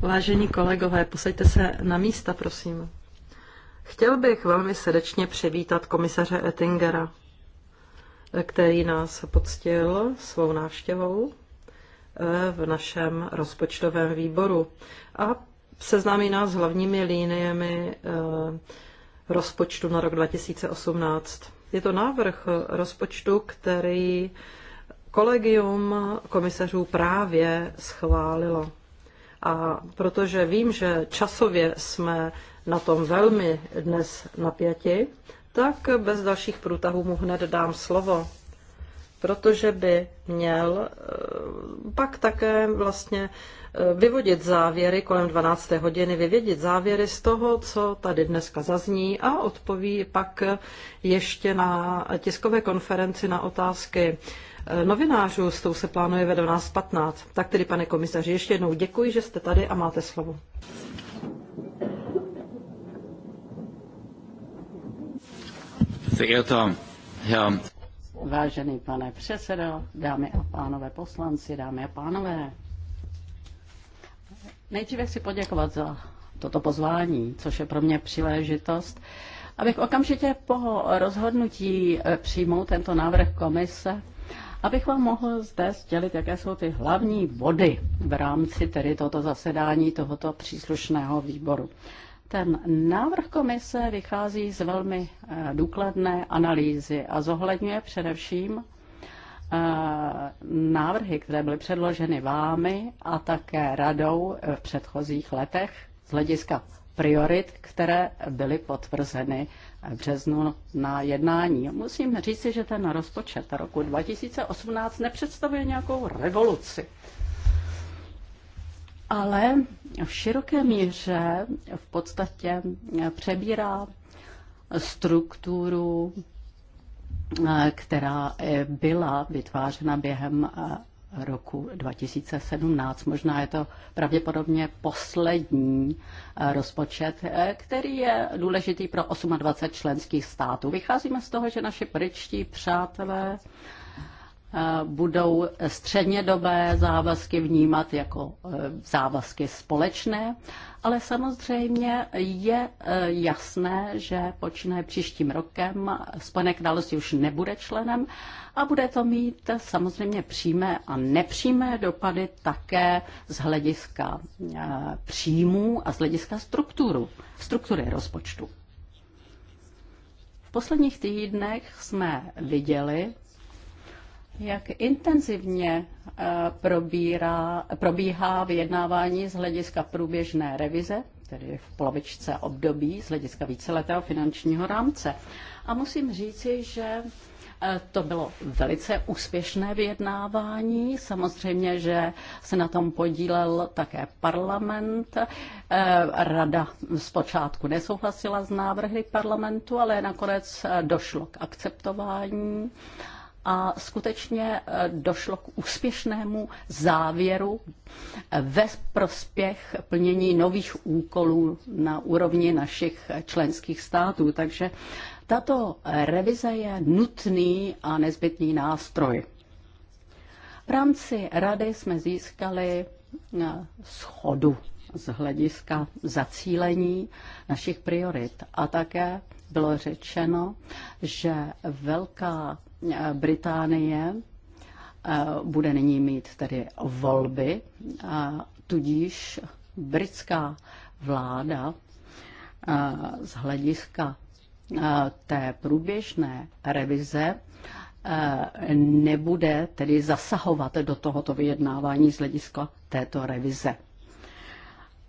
Vážení kolegové, posaďte se na místa, prosím. Chtěl bych velmi srdečně přivítat komisaře Ettingera, který nás poctil svou návštěvou eh, v našem rozpočtovém výboru a seznámí nás s hlavními líniemi eh, rozpočtu na rok 2018. Je to návrh rozpočtu, který kolegium komisařů právě schválilo. A protože vím, že časově jsme na tom velmi dnes napěti, tak bez dalších průtahů mu hned dám slovo, protože by měl eh, pak také vlastně eh, vyvodit závěry kolem 12. hodiny, vyvědět závěry z toho, co tady dneska zazní a odpoví pak ještě na tiskové konferenci na otázky Eh, novinářů, s tou se plánuje ve 12.15. Tak tedy, pane komisaři, ještě jednou děkuji, že jste tady a máte slovo. Vážený pane předsedo, dámy a pánové poslanci, dámy a pánové, nejdříve chci poděkovat za toto pozvání, což je pro mě příležitost, abych okamžitě po rozhodnutí eh, přijmout tento návrh komise abych vám mohl zde sdělit, jaké jsou ty hlavní body v rámci tedy tohoto zasedání tohoto příslušného výboru. Ten návrh komise vychází z velmi eh, důkladné analýzy a zohledňuje především eh, návrhy, které byly předloženy vámi a také radou eh, v předchozích letech z hlediska priorit, které byly potvrzeny březnu na jednání. Musím říci, že ten rozpočet roku 2018 nepředstavuje nějakou revoluci. Ale v široké míře v podstatě přebírá strukturu eh, která eh, byla vytvářena během eh, roku 2017. Možná je to pravděpodobně poslední eh, rozpočet, eh, který je důležitý pro 28 členských států. Vycházíme z toho, že naši britští přátelé budou střednědobé závazky vnímat jako e, závazky společné, ale samozřejmě je e, jasné, že počínaje příštím rokem Spojené království už nebude členem a bude to mít samozřejmě přímé a nepřímé dopady také z hlediska e, příjmů a z hlediska strukturu, struktury rozpočtu. V posledních týdnech jsme viděli, jak intenzivně eh, probírá, probíhá vyjednávání z hlediska průběžné revize, tedy v polovičce období z hlediska víceletého finančního rámce? A musím říci, že eh, to bylo velice úspěšné vyjednávání. Samozřejmě, že se na tom podílel také parlament. Eh, rada zpočátku nesouhlasila s návrhy parlamentu, ale nakonec došlo k akceptování a skutečně eh, došlo k úspěšnému závěru eh, ve prospěch plnění nových úkolů na úrovni našich členských států. Takže tato revize je nutný a nezbytný nástroj. V rámci rady jsme získali eh, schodu z hlediska zacílení našich priorit a také bylo řečeno, že velká Británie eh, bude nyní mít tedy volby, tudíž britská vláda eh, z hlediska eh, té průběžné revize nebude tedy zasahovat do tohoto vyjednávání z hlediska této revize.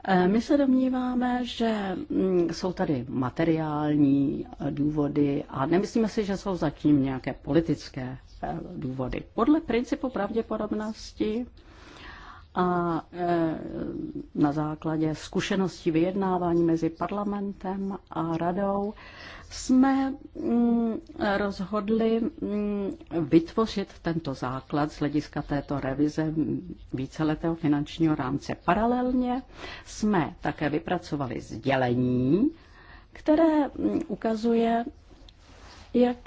Eh, my se domníváme, že mm, jsou tady materiální eh, důvody a nemyslíme si, že jsou zatím nějaké politické eh, důvody. Podle principu pravděpodobnosti a e, na základě zkušeností vyjednávání mezi parlamentem a radou jsme mm, rozhodli mm, vytvořit tento základ z hlediska této revize víceletého finančního rámce. Paralelně jsme také vypracovali sdělení, které mm, ukazuje jak,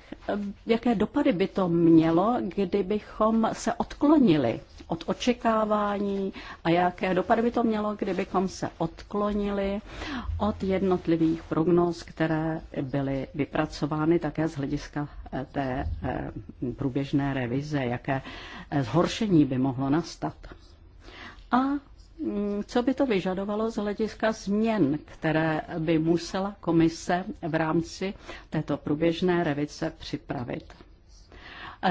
jaké dopady by to mělo, kdybychom se odklonili od očekávání a jaké dopady by to mělo, kdybychom se odklonili od jednotlivých prognóz, které byly vypracovány také z hlediska eh, té eh, průběžné revize, jaké eh, zhoršení by mohlo nastat. A co by to vyžadovalo z hlediska změn, které by musela komise v rámci této průběžné revice připravit?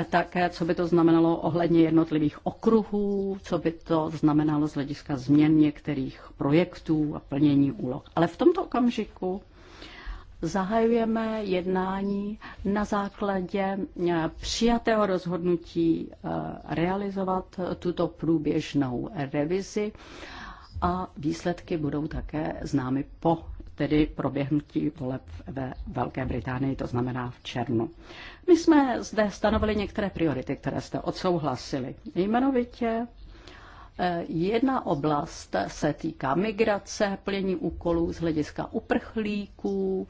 Také, co by to znamenalo ohledně jednotlivých okruhů, co by to znamenalo z hlediska změn některých projektů a plnění úloh. Ale v tomto okamžiku Zahajujeme jednání na základě eh, přijatého rozhodnutí eh, realizovat tuto průběžnou revizi a výsledky budou také známy po tedy proběhnutí voleb ve Velké Británii, to znamená v červnu. My jsme zde stanovili některé priority, které jste odsouhlasili. Jmenovitě Eh, jedna oblast se týká migrace, plnění úkolů z hlediska uprchlíků,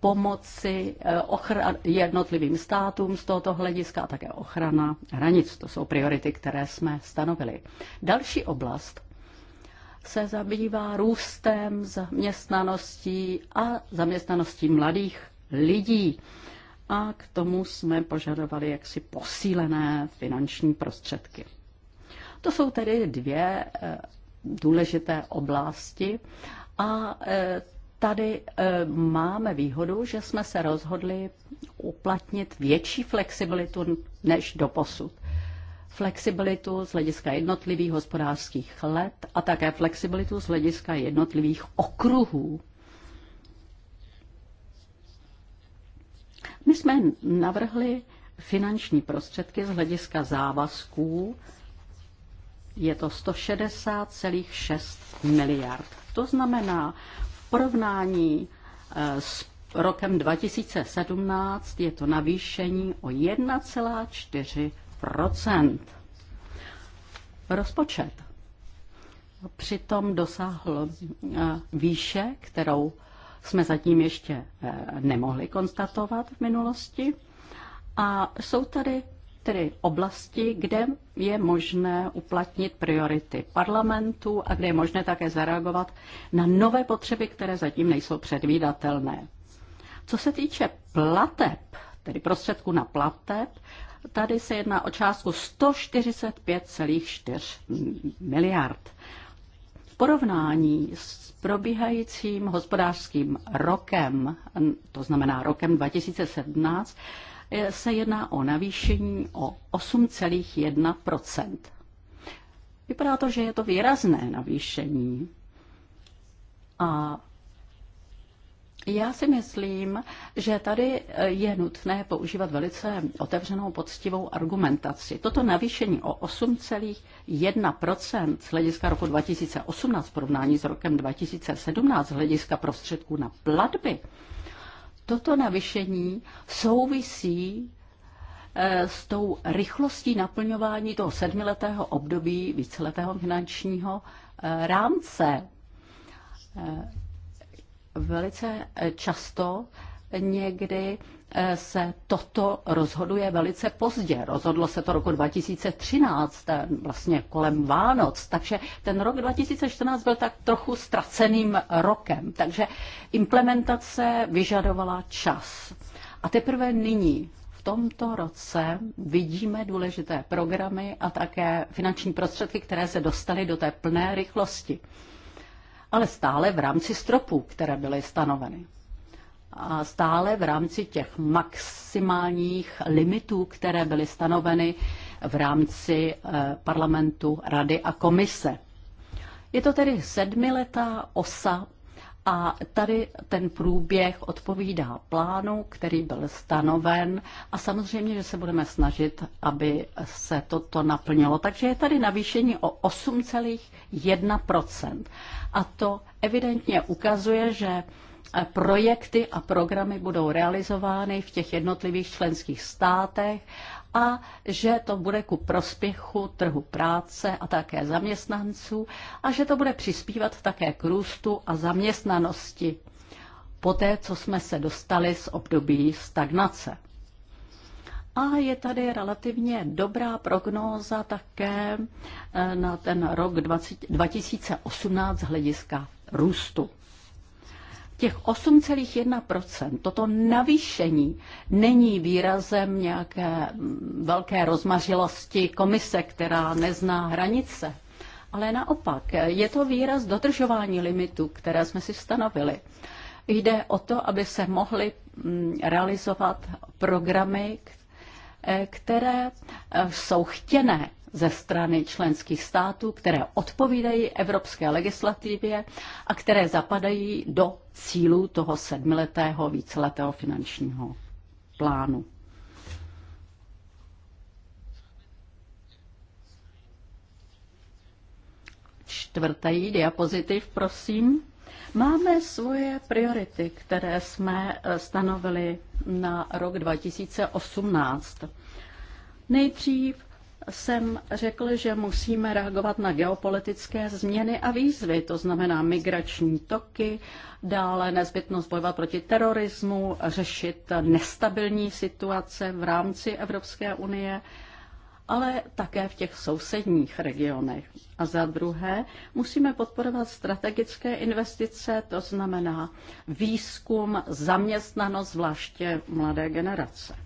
pomoci eh, jednotlivým státům z tohoto hlediska a také ochrana hranic. To jsou priority, které jsme stanovili. Další oblast se zabývá růstem zaměstnaností a zaměstnaností mladých lidí. A k tomu jsme požadovali jaksi posílené finanční prostředky. To jsou tedy dvě eh, důležité oblasti a eh, tady eh, máme výhodu, že jsme se rozhodli uplatnit větší flexibilitu než do posud. Flexibilitu z hlediska jednotlivých hospodářských let a také flexibilitu z hlediska jednotlivých okruhů. My jsme navrhli finanční prostředky z hlediska závazků je to 160,6 miliard. To znamená, v porovnání eh, s rokem 2017 je to navýšení o 1,4 Rozpočet přitom dosáhl eh, výše, kterou jsme zatím ještě eh, nemohli konstatovat v minulosti. A jsou tady tedy oblasti, kde je možné uplatnit priority parlamentu a kde je možné také zareagovat na nové potřeby, které zatím nejsou předvídatelné. Co se týče plateb, tedy prostředku na plateb, tady se jedná o částku 145,4 miliard. V porovnání s probíhajícím hospodářským rokem, to znamená rokem 2017, se jedná o navýšení o 8,1 Vypadá to, že je to výrazné navýšení. A já si myslím, že tady je nutné používat velice otevřenou, poctivou argumentaci. Toto navýšení o 8,1 z hlediska roku 2018 v porovnání s rokem 2017 z hlediska prostředků na platby toto navýšení souvisí eh, s tou rychlostí naplňování toho sedmiletého období víceletého finančního eh, rámce. Eh, velice často někdy eh, se toto rozhoduje velice pozdě. Rozhodlo se to roku 2013, eh, vlastně kolem Vánoc, takže ten rok 2014 byl tak trochu ztraceným rokem, takže implementace vyžadovala čas. A teprve nyní, v tomto roce vidíme důležité programy a také finanční prostředky, které se dostaly do té plné rychlosti, ale stále v rámci stropů, které byly stanoveny stále v rámci těch maximálních limitů, které byly stanoveny v rámci eh, parlamentu, rady a komise. Je to tedy sedmiletá osa a tady ten průběh odpovídá plánu, který byl stanoven a samozřejmě, že se budeme snažit, aby se toto naplnilo. Takže je tady navýšení o 8,1%. A to evidentně ukazuje, že projekty a programy budou realizovány v těch jednotlivých členských státech a že to bude ku prospěchu trhu práce a také zaměstnanců a že to bude přispívat také k růstu a zaměstnanosti poté, co jsme se dostali z období stagnace. A je tady relativně dobrá prognóza také eh, na ten rok 20, 2018 z hlediska růstu. Těch 8,1%, toto navýšení není výrazem nějaké velké rozmařilosti komise, která nezná hranice, ale naopak je to výraz dodržování limitu, které jsme si stanovili. Jde o to, aby se mohly mm, realizovat programy, eh, které eh, jsou chtěné ze strany členských států, které odpovídají evropské legislativě a které zapadají do cílů toho sedmiletého víceletého finančního plánu. Čtvrtý diapozitiv, prosím. Máme svoje priority, které jsme eh, stanovili na rok 2018. Nejdřív jsem řekl, že musíme reagovat na geopolitické změny a výzvy, to znamená migrační toky, dále nezbytnost bojovat proti terorismu, řešit nestabilní situace v rámci Evropské unie, ale také v těch sousedních regionech. A za druhé, musíme podporovat strategické investice, to znamená výzkum, zaměstnanost, zvláště mladé generace.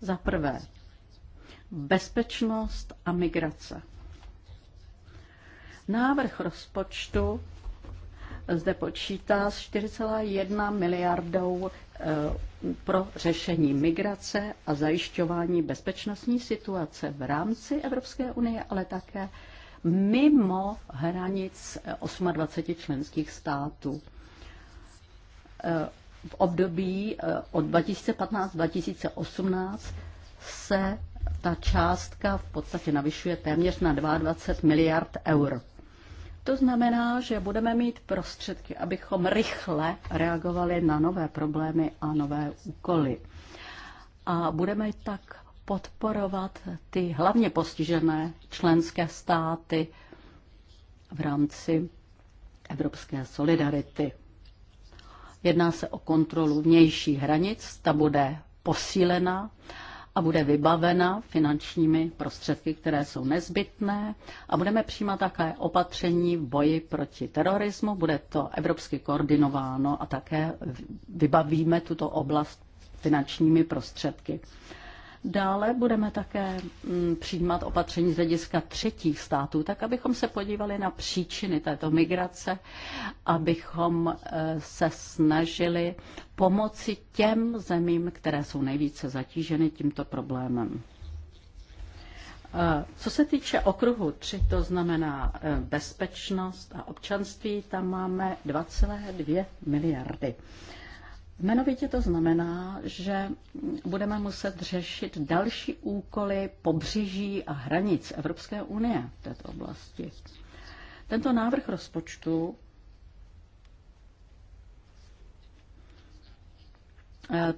Za prvé, bezpečnost a migrace. Návrh rozpočtu zde počítá s 4,1 miliardou eh, pro řešení migrace a zajišťování bezpečnostní situace v rámci Evropské unie, ale také mimo hranic 28 členských států. Eh, v období eh, od 2015-2018 se ta částka v podstatě navyšuje téměř na 22 miliard eur. To znamená, že budeme mít prostředky, abychom rychle reagovali na nové problémy a nové úkoly. A budeme tak podporovat ty hlavně postižené členské státy v rámci evropské solidarity. Jedná se o kontrolu vnějších hranic, ta bude posílena a bude vybavena finančními prostředky, které jsou nezbytné a budeme přijímat také opatření v boji proti terorismu, bude to evropsky koordinováno a také vybavíme tuto oblast finančními prostředky. Dále budeme také mm, přijímat opatření z hlediska třetích států, tak abychom se podívali na příčiny této migrace, abychom eh, se snažili pomoci těm zemím, které jsou nejvíce zatíženy tímto problémem. Eh, co se týče okruhu 3, to znamená eh, bezpečnost a občanství, tam máme 2,2 miliardy. Jmenovitě to znamená, že budeme muset řešit další úkoly pobřeží a hranic Evropské unie v této oblasti. Tento návrh rozpočtu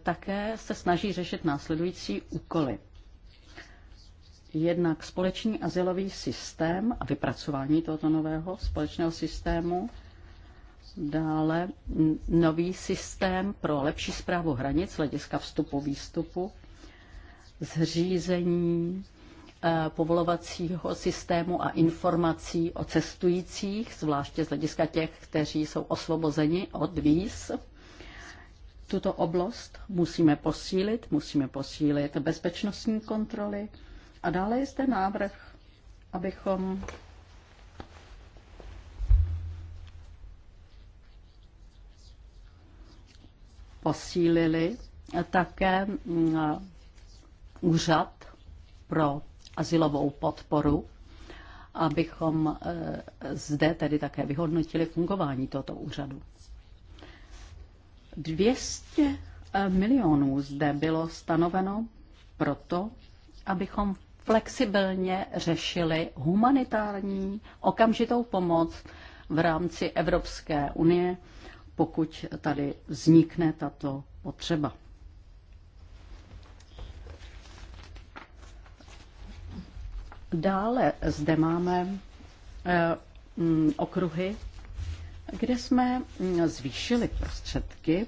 také se snaží řešit následující úkoly. Jednak společný asilový systém a vypracování tohoto nového společného systému, dále nový systém pro lepší zprávu hranic, hlediska vstupu, výstupu, zřízení eh, povolovacího systému a informací o cestujících, zvláště z hlediska těch, kteří jsou osvobozeni od víz. Tuto oblast musíme posílit, musíme posílit bezpečnostní kontroly. A dále je zde návrh, abychom posílili také mm, úřad pro asilovou podporu, abychom e, zde tedy také vyhodnotili fungování tohoto úřadu. 200 e, milionů zde bylo stanoveno proto, abychom flexibilně řešili humanitární okamžitou pomoc v rámci Evropské unie pokud tady vznikne tato potřeba. Dále zde máme eh, mm, okruhy, kde jsme mm, zvýšili prostředky,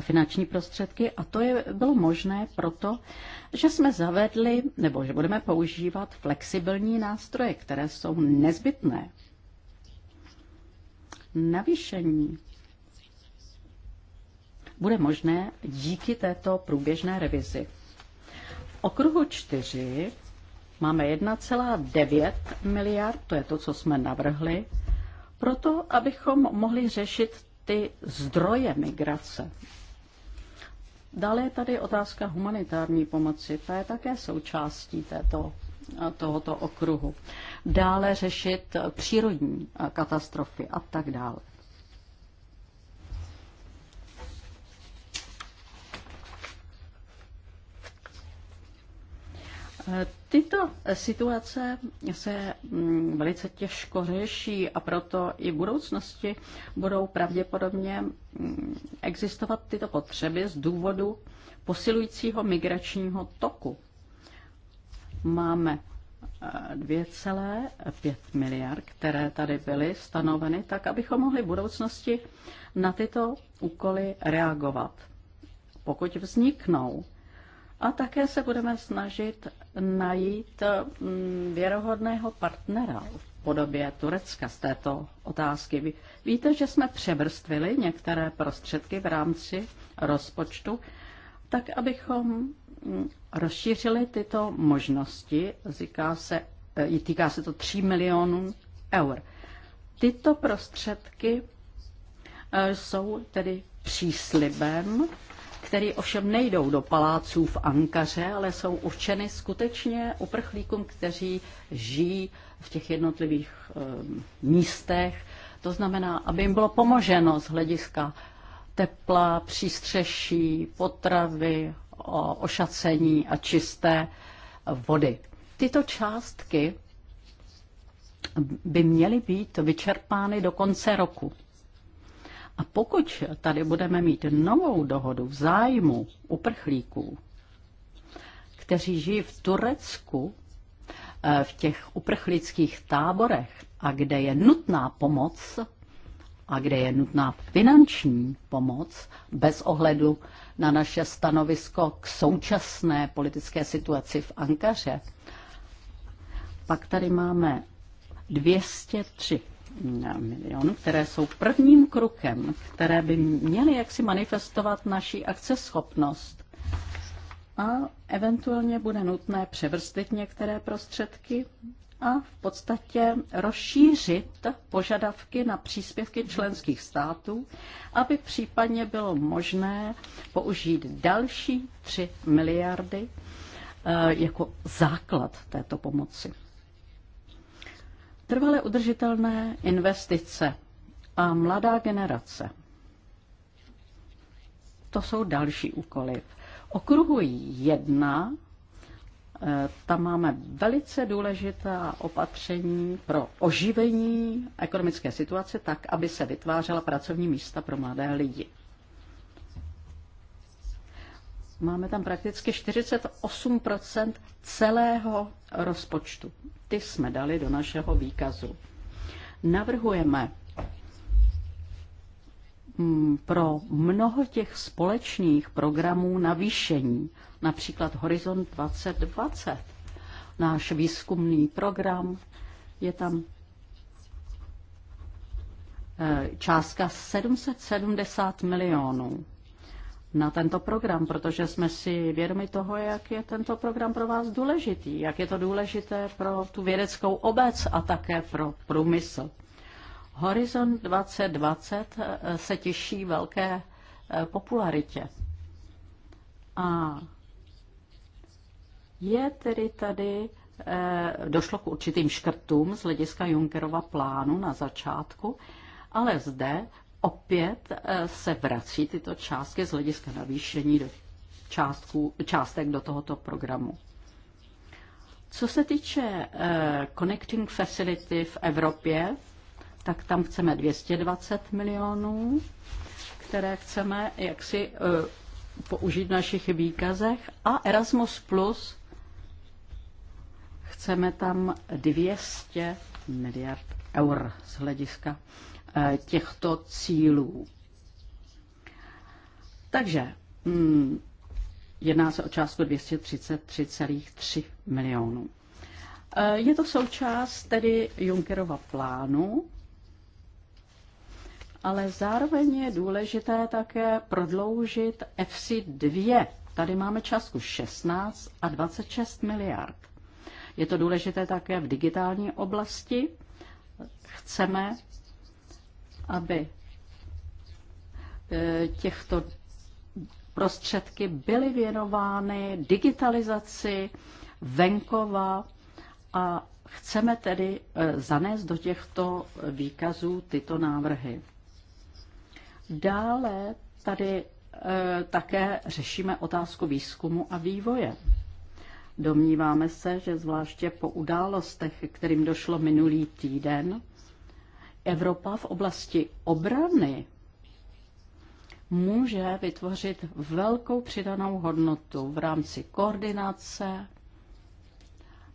finanční prostředky a to je, bylo možné proto, že jsme zavedli nebo že budeme používat flexibilní nástroje, které jsou nezbytné navýšení bude možné díky této průběžné revizi. V okruhu 4 máme 1,9 miliard, to je to, co jsme navrhli, proto, abychom mohli řešit ty zdroje migrace. Dále je tady otázka humanitární pomoci, ta je také součástí této tohoto okruhu. Dále řešit přírodní katastrofy a tak dále. Tyto situace se mm, velice těžko řeší a proto i v budoucnosti budou pravděpodobně mm, existovat tyto potřeby z důvodu posilujícího migračního toku máme 2,5 eh, miliard, které tady byly stanoveny, tak abychom mohli v budoucnosti na tyto úkoly reagovat, pokud vzniknou. A také se budeme snažit najít mm, věrohodného partnera v podobě Turecka z této otázky. Víte, že jsme převrstvili některé prostředky v rámci rozpočtu, tak abychom rozšířili tyto možnosti, říká se, e, týká se to 3 milionů eur. Tyto prostředky e, jsou tedy příslibem, který ovšem nejdou do paláců v Ankaře, ale jsou určeny skutečně uprchlíkům, kteří žijí v těch jednotlivých e, místech. To znamená, aby jim bylo pomoženo z hlediska tepla, přístřeší, potravy, o ošacení a čisté vody. Tyto částky by měly být vyčerpány do konce roku. A pokud tady budeme mít novou dohodu v zájmu uprchlíků, kteří žijí v Turecku, eh, v těch uprchlických táborech a kde je nutná pomoc, a kde je nutná finanční pomoc bez ohledu na naše stanovisko k současné politické situaci v Ankaře. Pak tady máme 203 milionů, které jsou prvním krokem, které by měly jaksi manifestovat naši akceschopnost. A eventuálně bude nutné převrstit některé prostředky a v podstatě rozšířit požadavky na příspěvky členských států, aby případně bylo možné použít další 3 miliardy eh, jako základ této pomoci. Trvale udržitelné investice a mladá generace. To jsou další úkoly. V okruhu jedna tam máme velice důležitá opatření pro oživení ekonomické situace tak, aby se vytvářela pracovní místa pro mladé lidi. Máme tam prakticky 48 celého rozpočtu. Ty jsme dali do našeho výkazu. Navrhujeme Mm, pro mnoho těch společných programů navýšení, například Horizont 2020, náš výzkumný program, je tam eh, částka 770 milionů na tento program, protože jsme si vědomi toho, jak je tento program pro vás důležitý, jak je to důležité pro tu vědeckou obec a také pro průmysl. Horizon 2020 eh, se těší velké eh, popularitě. A je tedy tady, eh, došlo k určitým škrtům z hlediska Junckerova plánu na začátku, ale zde opět se vrací tyto částky z hlediska navýšení do částků, částek do tohoto programu. Co se týče Connecting Facility v Evropě, tak tam chceme 220 milionů, které chceme jaksi eh, použít v našich výkazech a Erasmus Plus chceme tam 200 miliard eur z hlediska eh, těchto cílů. Takže hmm, jedná se o částku 233,3 milionů. Eh, je to součást tedy Junckerova plánu ale zároveň je důležité také prodloužit EFSI 2. Tady máme částku 16 a 26 miliard. Je to důležité také v digitální oblasti. Chceme, aby e, těchto prostředky byly věnovány digitalizaci venkova a chceme tedy e, zanést do těchto výkazů tyto návrhy. Dále tady eh, také řešíme otázku výzkumu a vývoje. Domníváme se, že zvláště po událostech, kterým došlo minulý týden, Evropa v oblasti obrany může vytvořit velkou přidanou hodnotu v rámci koordinace,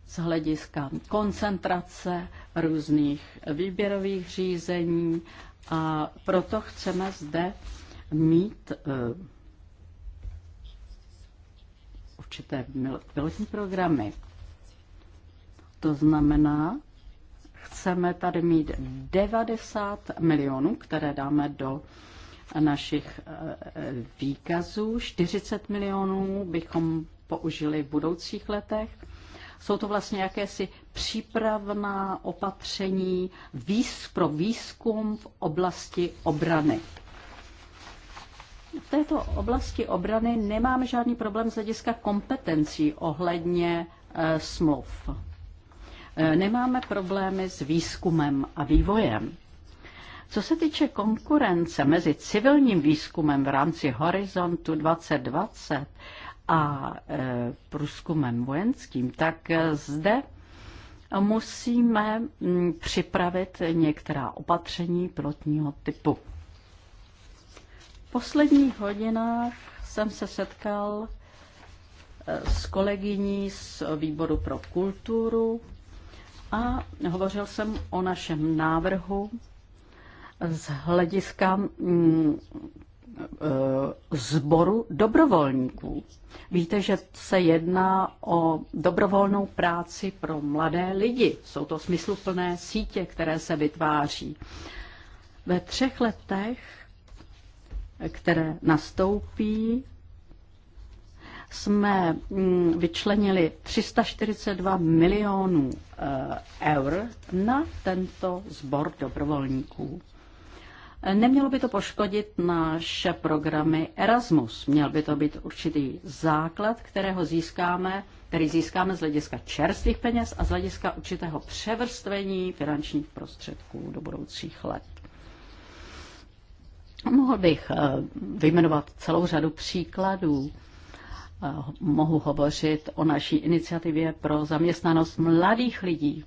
z hlediska koncentrace různých výběrových řízení a proto chceme zde mít eh, určité pilotní programy. To znamená, chceme tady mít 90 milionů, které dáme do našich eh, výkazů. 40 milionů bychom použili v budoucích letech jsou to vlastně jakési přípravná opatření pro výzkum v oblasti obrany. V této oblasti obrany nemáme žádný problém z hlediska kompetencí ohledně e, smluv. E, nemáme problémy s výzkumem a vývojem. Co se týče konkurence mezi civilním výzkumem v rámci Horizontu 2020 a e, průzkumem vojenským, tak e, zde musíme mm, připravit některá opatření pilotního typu. V posledních hodinách jsem se setkal e, s kolegyní z výboru pro kulturu a hovořil jsem o našem návrhu z hlediska mm, Eh, sboru dobrovolníků. Víte, že se jedná o dobrovolnou práci pro mladé lidi. Jsou to smysluplné sítě, které se vytváří. Ve třech letech, které nastoupí, jsme mm, vyčlenili 342 milionů eh, eur na tento sbor dobrovolníků. Nemělo by to poškodit naše programy Erasmus. Měl by to být určitý základ, kterého získáme, který získáme z hlediska čerstvých peněz a z hlediska určitého převrstvení finančních prostředků do budoucích let. Mohl bych eh, vyjmenovat celou řadu příkladů. Eh, mohu hovořit o naší iniciativě pro zaměstnanost mladých lidí.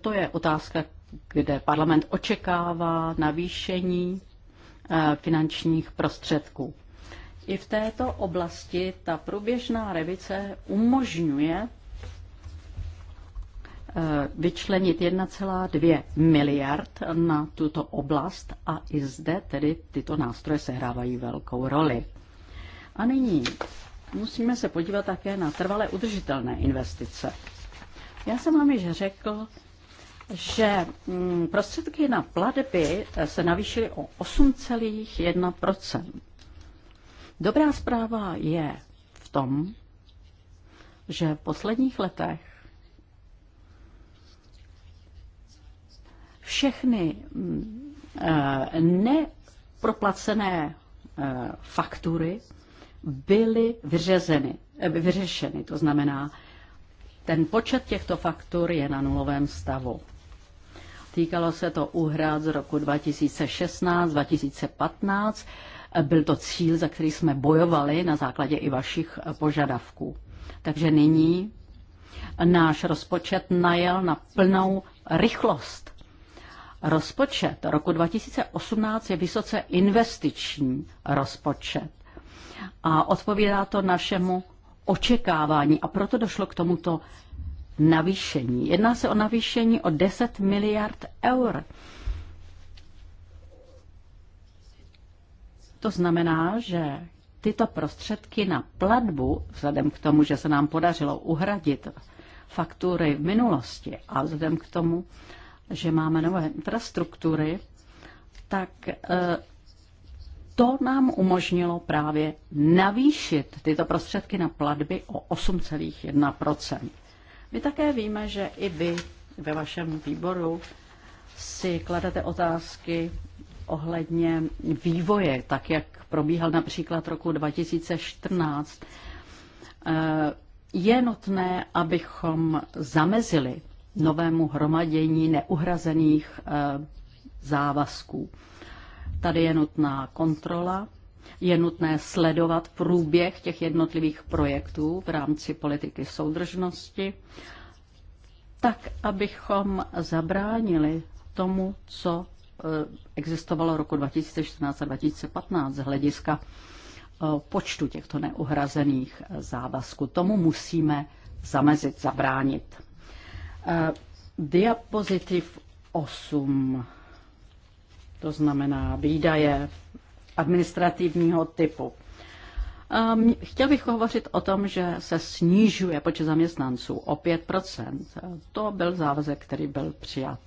To je otázka, kde parlament očekává navýšení eh, finančních prostředků. I v této oblasti ta průběžná revice umožňuje eh, vyčlenit 1,2 miliard na tuto oblast a i zde tedy tyto nástroje sehrávají velkou roli. A nyní musíme se podívat také na trvalé udržitelné investice. Já jsem vám již řekl, že mm, prostředky na platby eh, se navýšily o 8,1 Dobrá zpráva je v tom, že v posledních letech všechny mm, eh, neproplacené eh, faktury byly vyřezeny, vyřešeny. To znamená, ten počet těchto faktur je na nulovém stavu. Týkalo se to uhrad z roku 2016-2015. Byl to cíl, za který jsme bojovali na základě i vašich požadavků. Takže nyní náš rozpočet najel na plnou rychlost. Rozpočet roku 2018 je vysoce investiční rozpočet a odpovídá to našemu očekávání a proto došlo k tomuto navýšení. Jedná se o navýšení o 10 miliard eur. To znamená, že tyto prostředky na platbu, vzhledem k tomu, že se nám podařilo uhradit faktury v minulosti a vzhledem k tomu, že máme nové infrastruktury, tak eh, to nám umožnilo právě navýšit tyto prostředky na platby o 8,1 my také víme, že i vy ve vašem výboru si kladete otázky ohledně vývoje, tak jak probíhal například roku 2014. Eh, je nutné, abychom zamezili novému hromadění neuhrazených eh, závazků. Tady je nutná kontrola je nutné sledovat průběh těch jednotlivých projektů v rámci politiky soudržnosti, tak abychom zabránili tomu, co e, existovalo roku 2014 a 2015 z hlediska e, počtu těchto neuhrazených závazků. Tomu musíme zamezit, zabránit. E, diapozitiv 8, to znamená výdaje administrativního typu. Um, chtěl bych hovořit o tom, že se snižuje počet zaměstnanců o 5 To byl závazek, který byl přijat.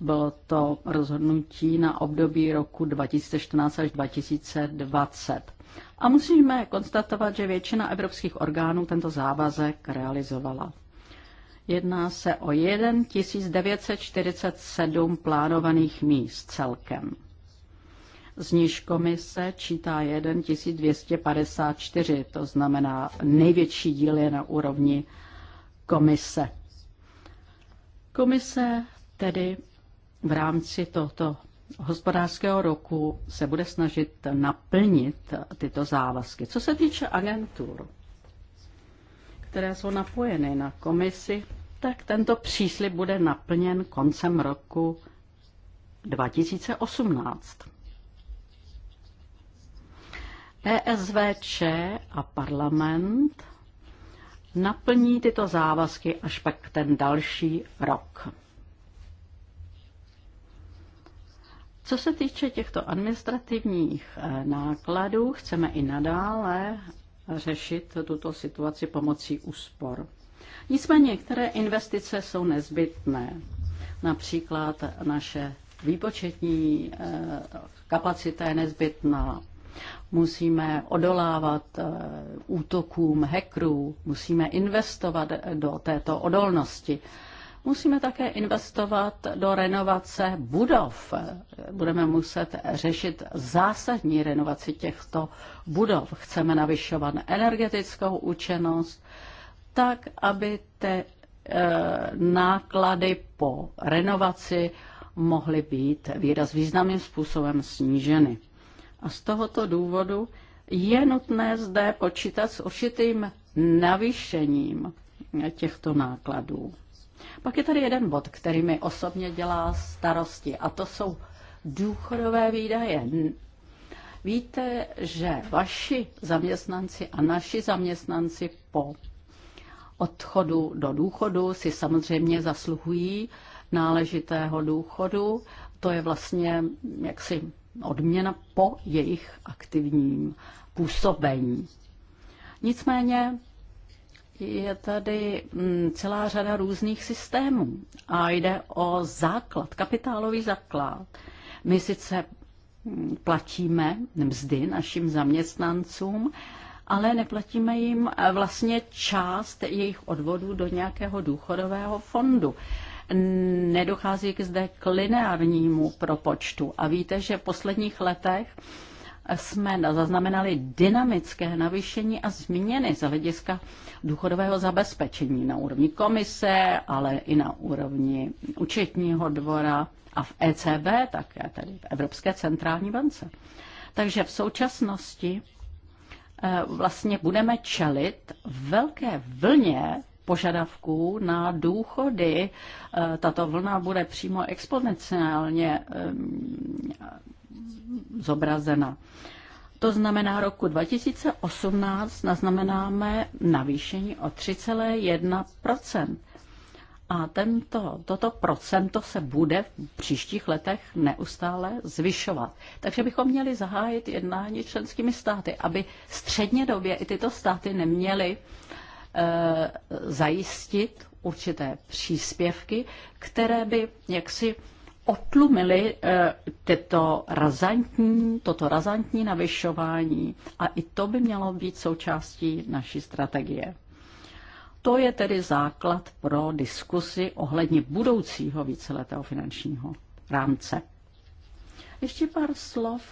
Bylo to rozhodnutí na období roku 2014 až 2020. A musíme konstatovat, že většina evropských orgánů tento závazek realizovala. Jedná se o 1947 plánovaných míst celkem z níž komise čítá 1254, to znamená největší díl je na úrovni komise. Komise tedy v rámci tohoto hospodářského roku se bude snažit naplnit tyto závazky. Co se týče agentur, které jsou napojeny na komisi, tak tento příslip bude naplněn koncem roku 2018. PSVČ e a parlament naplní tyto závazky až pak ten další rok. Co se týče těchto administrativních eh, nákladů, chceme i nadále řešit tuto situaci pomocí úspor. Nicméně některé investice jsou nezbytné. Například naše výpočetní eh, kapacita je nezbytná musíme odolávat eh, útokům hackerů, musíme investovat eh, do této odolnosti. Musíme také investovat do renovace budov. Budeme muset řešit zásadní renovaci těchto budov. Chceme navyšovat energetickou účinnost, tak aby ty eh, náklady po renovaci mohly být výraz významným způsobem sníženy. A z tohoto důvodu je nutné zde počítat s určitým navýšením těchto nákladů. Pak je tady jeden bod, který mi osobně dělá starosti, a to jsou důchodové výdaje. Víte, že vaši zaměstnanci a naši zaměstnanci po odchodu do důchodu si samozřejmě zasluhují náležitého důchodu. To je vlastně jaksi odměna po jejich aktivním působení. Nicméně je tady mm, celá řada různých systémů a jde o základ, kapitálový základ. My sice mm, platíme mzdy našim zaměstnancům, ale neplatíme jim eh, vlastně část jejich odvodů do nějakého důchodového fondu nedochází k zde k lineárnímu propočtu. A víte, že v posledních letech jsme zaznamenali dynamické navýšení a změny z hlediska důchodového zabezpečení na úrovni komise, ale i na úrovni účetního dvora a v ECB také, tedy v Evropské centrální bance. Takže v současnosti eh, vlastně budeme čelit velké vlně požadavků na důchody. E, tato vlna bude přímo exponenciálně e, zobrazena. To znamená, roku 2018 naznamenáme navýšení o 3,1 a tento, toto procento se bude v příštích letech neustále zvyšovat. Takže bychom měli zahájit jednání členskými státy, aby středně době i tyto státy neměly uh, Eh, zajistit určité příspěvky, které by jaksi otlumily eh, tyto razantní, toto razantní navyšování a i to by mělo být součástí naší strategie. To je tedy základ pro diskusi ohledně budoucího víceletého finančního rámce. Ještě pár slov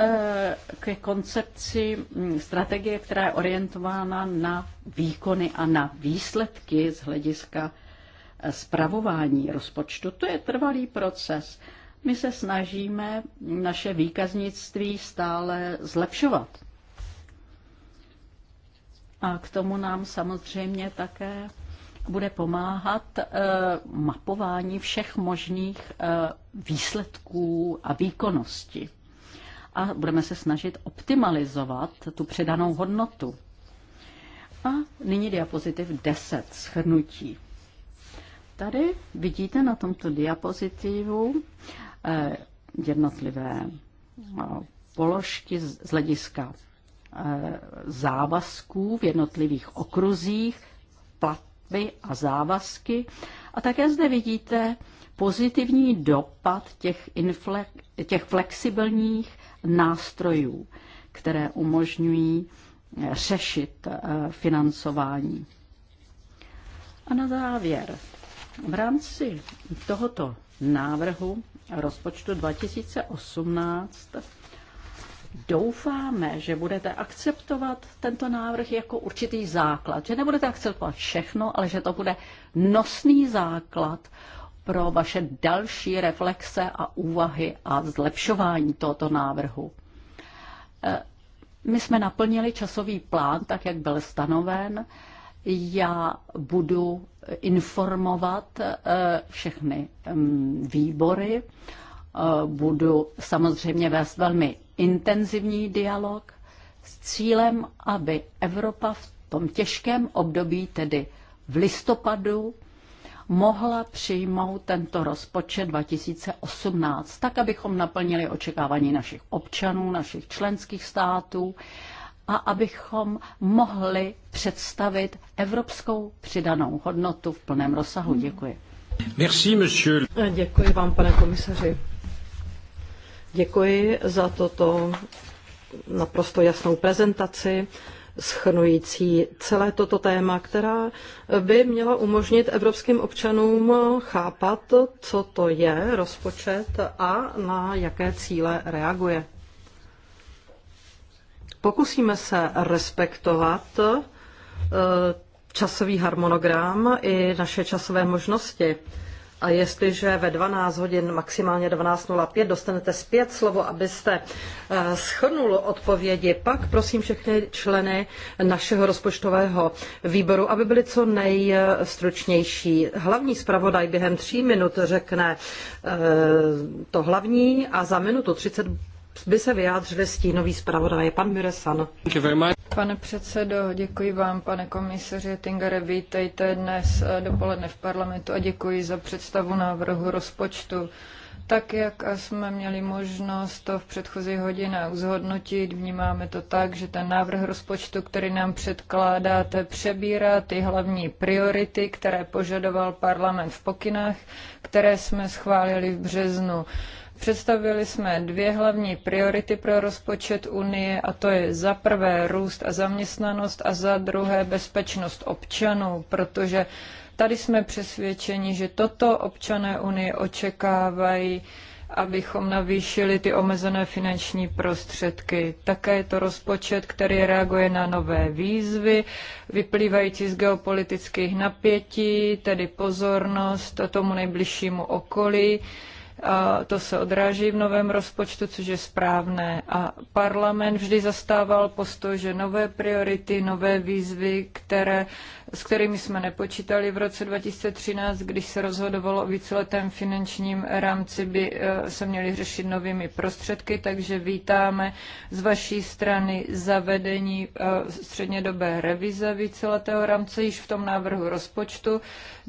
Eh, ke koncepci mm, strategie, která je orientována na výkony a na výsledky z hlediska eh, spravování rozpočtu. To je trvalý proces. My se snažíme naše výkaznictví stále zlepšovat. A k tomu nám samozřejmě také bude pomáhat eh, mapování všech možných výsledků a výkonnosti a budeme se snažit optimalizovat tu přidanou hodnotu. A nyní diapozitiv 10, schrnutí. Tady vidíte na tomto diapozitivu eh, jednotlivé eh, položky z hlediska eh, závazků v jednotlivých okruzích, platby a závazky. A také zde vidíte pozitivní dopad těch, infle, těch flexibilních nástrojů, které umožňují eh, řešit eh, financování. A na závěr, v rámci tohoto návrhu rozpočtu 2018 doufáme, že budete akceptovat tento návrh jako určitý základ, že nebudete akceptovat všechno, ale že to bude nosný základ pro vaše další reflexe a úvahy a zlepšování tohoto návrhu. E, my jsme naplnili časový plán, tak jak byl stanoven. Já budu informovat e, všechny výbory, e, budu samozřejmě vést velmi intenzivní dialog s cílem, aby Evropa v tom těžkém období, tedy v listopadu, mohla přijmout tento rozpočet 2018, tak abychom naplnili očekávání našich občanů, našich členských států a abychom mohli představit evropskou přidanou hodnotu v plném rozsahu. Děkuji. Merci, monsieur. Děkuji vám, pane komisaři. Děkuji za toto naprosto jasnou prezentaci schrnující celé toto téma, která by měla umožnit evropským občanům chápat, co to je rozpočet a na jaké cíle reaguje. Pokusíme se respektovat eh, časový harmonogram i naše časové možnosti. A jestliže ve 12 hodin, maximálně 12.05, dostanete zpět slovo, abyste eh, schrnul odpovědi, pak prosím všechny členy našeho rozpočtového výboru, aby byli co nejstručnější. Hlavní zpravodaj během tří minut řekne eh, to hlavní a za minutu 30 by se vyjádřili stínový zpravodaj, pan Muresan. Pane předsedo, děkuji vám, pane komisaři Tingere, vítejte dnes eh, dopoledne v parlamentu a děkuji za představu návrhu rozpočtu. Tak, jak jsme měli možnost to v předchozích hodinách zhodnotit, vnímáme to tak, že ten návrh rozpočtu, který nám předkládáte, přebírá ty hlavní priority, které požadoval parlament v pokynách, které jsme schválili v březnu. Představili jsme dvě hlavní priority pro rozpočet Unie a to je za prvé růst a zaměstnanost a za druhé bezpečnost občanů, protože tady jsme přesvědčeni, že toto občané Unie očekávají abychom navýšili ty omezené finanční prostředky. Také je to rozpočet, který reaguje na nové výzvy, vyplývající z geopolitických napětí, tedy pozornost tomu nejbližšímu okolí a to se odráží v novém rozpočtu, což je správné. A parlament vždy zastával postoj, že nové priority, nové výzvy, které, s kterými jsme nepočítali v roce 2013, když se rozhodovalo o víceletém finančním rámci, by eh, se měly řešit novými prostředky, takže vítáme z vaší strany zavedení eh, střednědobé revize víceletého rámce již v tom návrhu rozpočtu.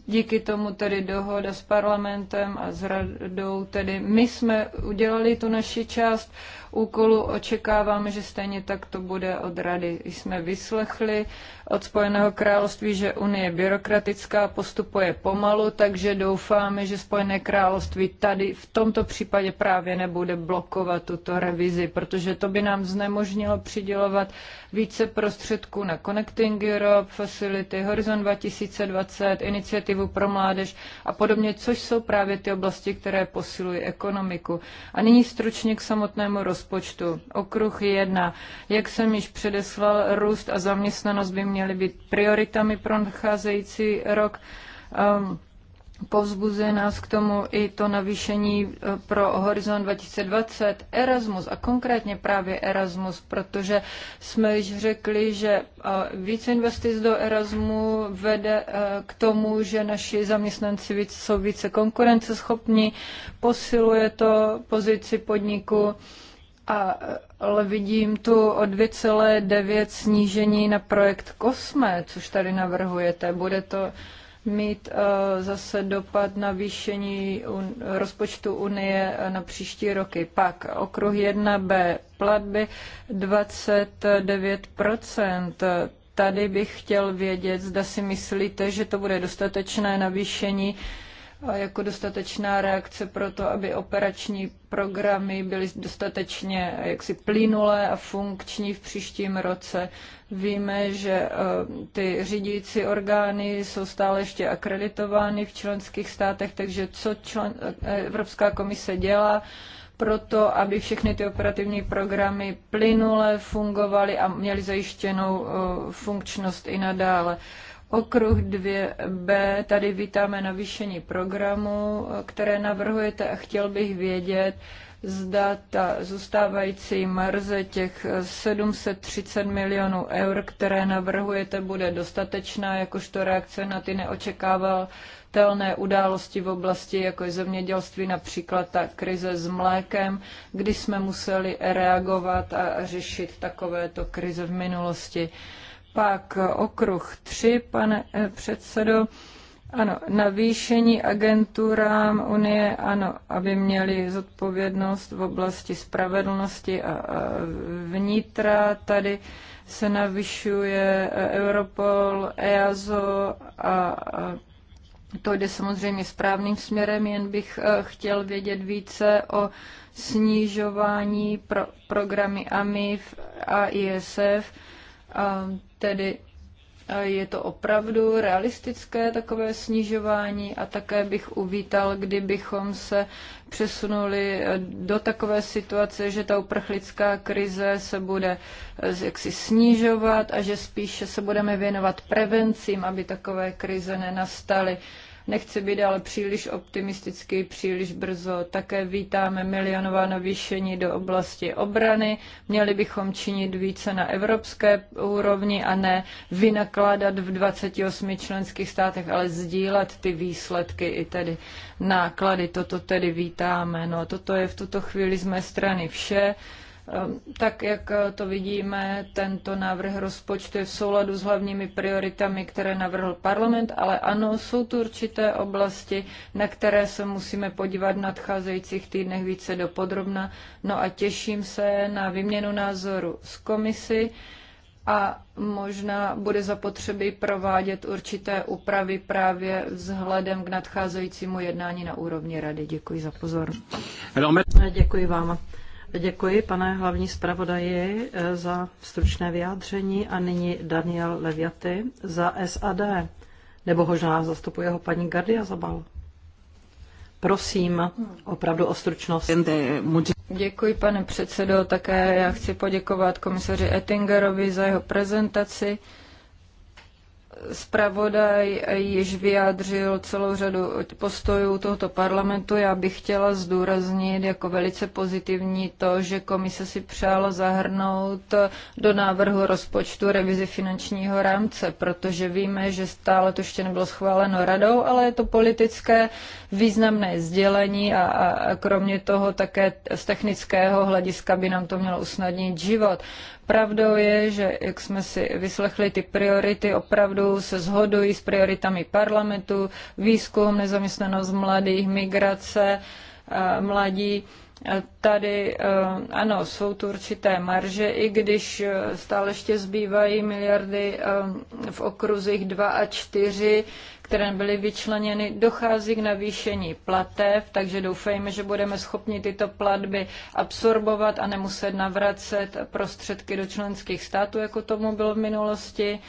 Díky tomu tedy dohoda s parlamentem a s radou Tedy my jsme udělali tu naši část, úkolu. Očekáváme, že stejně tak to bude od rady. Jsme vyslechli od Spojeného království, že Unie je byrokratická, postupuje pomalu, takže doufáme, že Spojené království tady v tomto případě právě nebude blokovat tuto revizi, protože to by nám znemožnilo přidělovat více prostředků na Connecting Europe, Facility, Horizon 2020, iniciativu pro mládež a podobně, což jsou právě ty oblasti, které posilují ekonomiku. A nyní stručně k samotnému rozpočtu rozpočtu. Okruh 1. Jak jsem již předeslal, růst a zaměstnanost by měly být prioritami pro nadcházející rok. Um, Povzbuzuje nás k tomu i to navýšení e, pro Horizon 2020 Erasmus a konkrétně právě Erasmus, protože jsme již řekli, že e, více investic do Erasmu vede e, k tomu, že naši zaměstnanci jsou více konkurenceschopní, posiluje to pozici podniku a, ale vidím tu o 2,9 snížení na projekt Kosme, což tady navrhujete. Bude to mít uh, zase dopad na výšení un, rozpočtu Unie e, na příští roky. Pak okruh 1b platby 29 Tady bych chtěl vědět, zda si myslíte, že to bude dostatečné navýšení uh, jako dostatečná reakce pro to, aby operační programy byly dostatečně jaksi plynulé a funkční v příštím roce. Víme, že eh, ty řídící orgány jsou stále ještě akreditovány v členských státech, takže co člen, eh, Evropská komise dělá proto, aby všechny ty operativní programy plynule fungovaly a měly zajištěnou eh, funkčnost i nadále. Okruh 2b, tady vítáme navýšení programu, které navrhujete a chtěl bych vědět, zda ta zůstávající marze těch 730 milionů eur, které navrhujete, bude dostatečná jakožto reakce na ty neočekávatelné události v oblasti, jako je zemědělství, například ta krize s mlékem, kdy jsme museli reagovat a řešit takovéto krize v minulosti. Pak okruh 3, pane eh, předsedo. Ano, navýšení agenturám Unie, ano, aby měli zodpovědnost v oblasti spravedlnosti a, vnitra. Tady se navyšuje eh, Europol, EASO a, a to jde samozřejmě správným směrem, jen bych eh, chtěl vědět více o snižování pro, programy AMIF a ISF Tedy je to opravdu realistické takové snižování a také bych uvítal, kdybychom se přesunuli eh, do takové situace, že ta uprchlická krize se bude eh, jaksi snižovat a že spíše se budeme věnovat prevencím, aby takové krize nenastaly. Nechci být ale příliš optimistický, příliš brzo. Také vítáme milionová navýšení do oblasti obrany. Měli bychom činit více na evropské úrovni a ne vynakládat v 28 členských státech, ale sdílet ty výsledky i tedy náklady. Toto tedy vítáme. No, toto je v tuto chvíli z mé strany vše. Ehm, tak, jak eh, to vidíme, tento návrh rozpočtu je v souladu s hlavními prioritami, které navrhl parlament, ale ano, jsou tu určité oblasti, na které se musíme podívat v nadcházejících týdnech více dopodrobna. No a těším se na výměnu názoru s komisi a možná bude zapotřebí provádět určité úpravy právě vzhledem k nadcházejícímu jednání na úrovni rady. Děkuji za pozornost. Děkuji vám. Děkuji, pane hlavní zpravodaji, eh, za stručné vyjádření a nyní Daniel Leviaty za SAD, nebo možná zastupuje ho paní Gardia Zabal. Prosím, opravdu o stručnost. Děkuji, pane předsedo. Také já chci poděkovat komisaři Ettingerovi za jeho prezentaci zpravodaj již vyjádřil celou řadu postojů tohoto parlamentu. Já bych chtěla zdůraznit jako velice pozitivní to, že komise si přála zahrnout do návrhu rozpočtu revizi finančního rámce, protože víme, že stále to ještě nebylo schváleno radou, ale je to politické významné sdělení a, a kromě toho také z technického hlediska by nám to mělo usnadnit život. Pravdou je, že jak jsme si vyslechli, ty priority opravdu se shodují s prioritami parlamentu, výzkum, nezaměstnanost mladých, migrace, eh, mladí Tady eh, ano, jsou tu určité marže, i když eh, stále ještě zbývají miliardy eh, v okruzích 2 a 4, které byly vyčleněny, dochází k navýšení platev, takže doufejme, že budeme schopni tyto platby absorbovat a nemuset navracet prostředky do členských států, jako tomu bylo v minulosti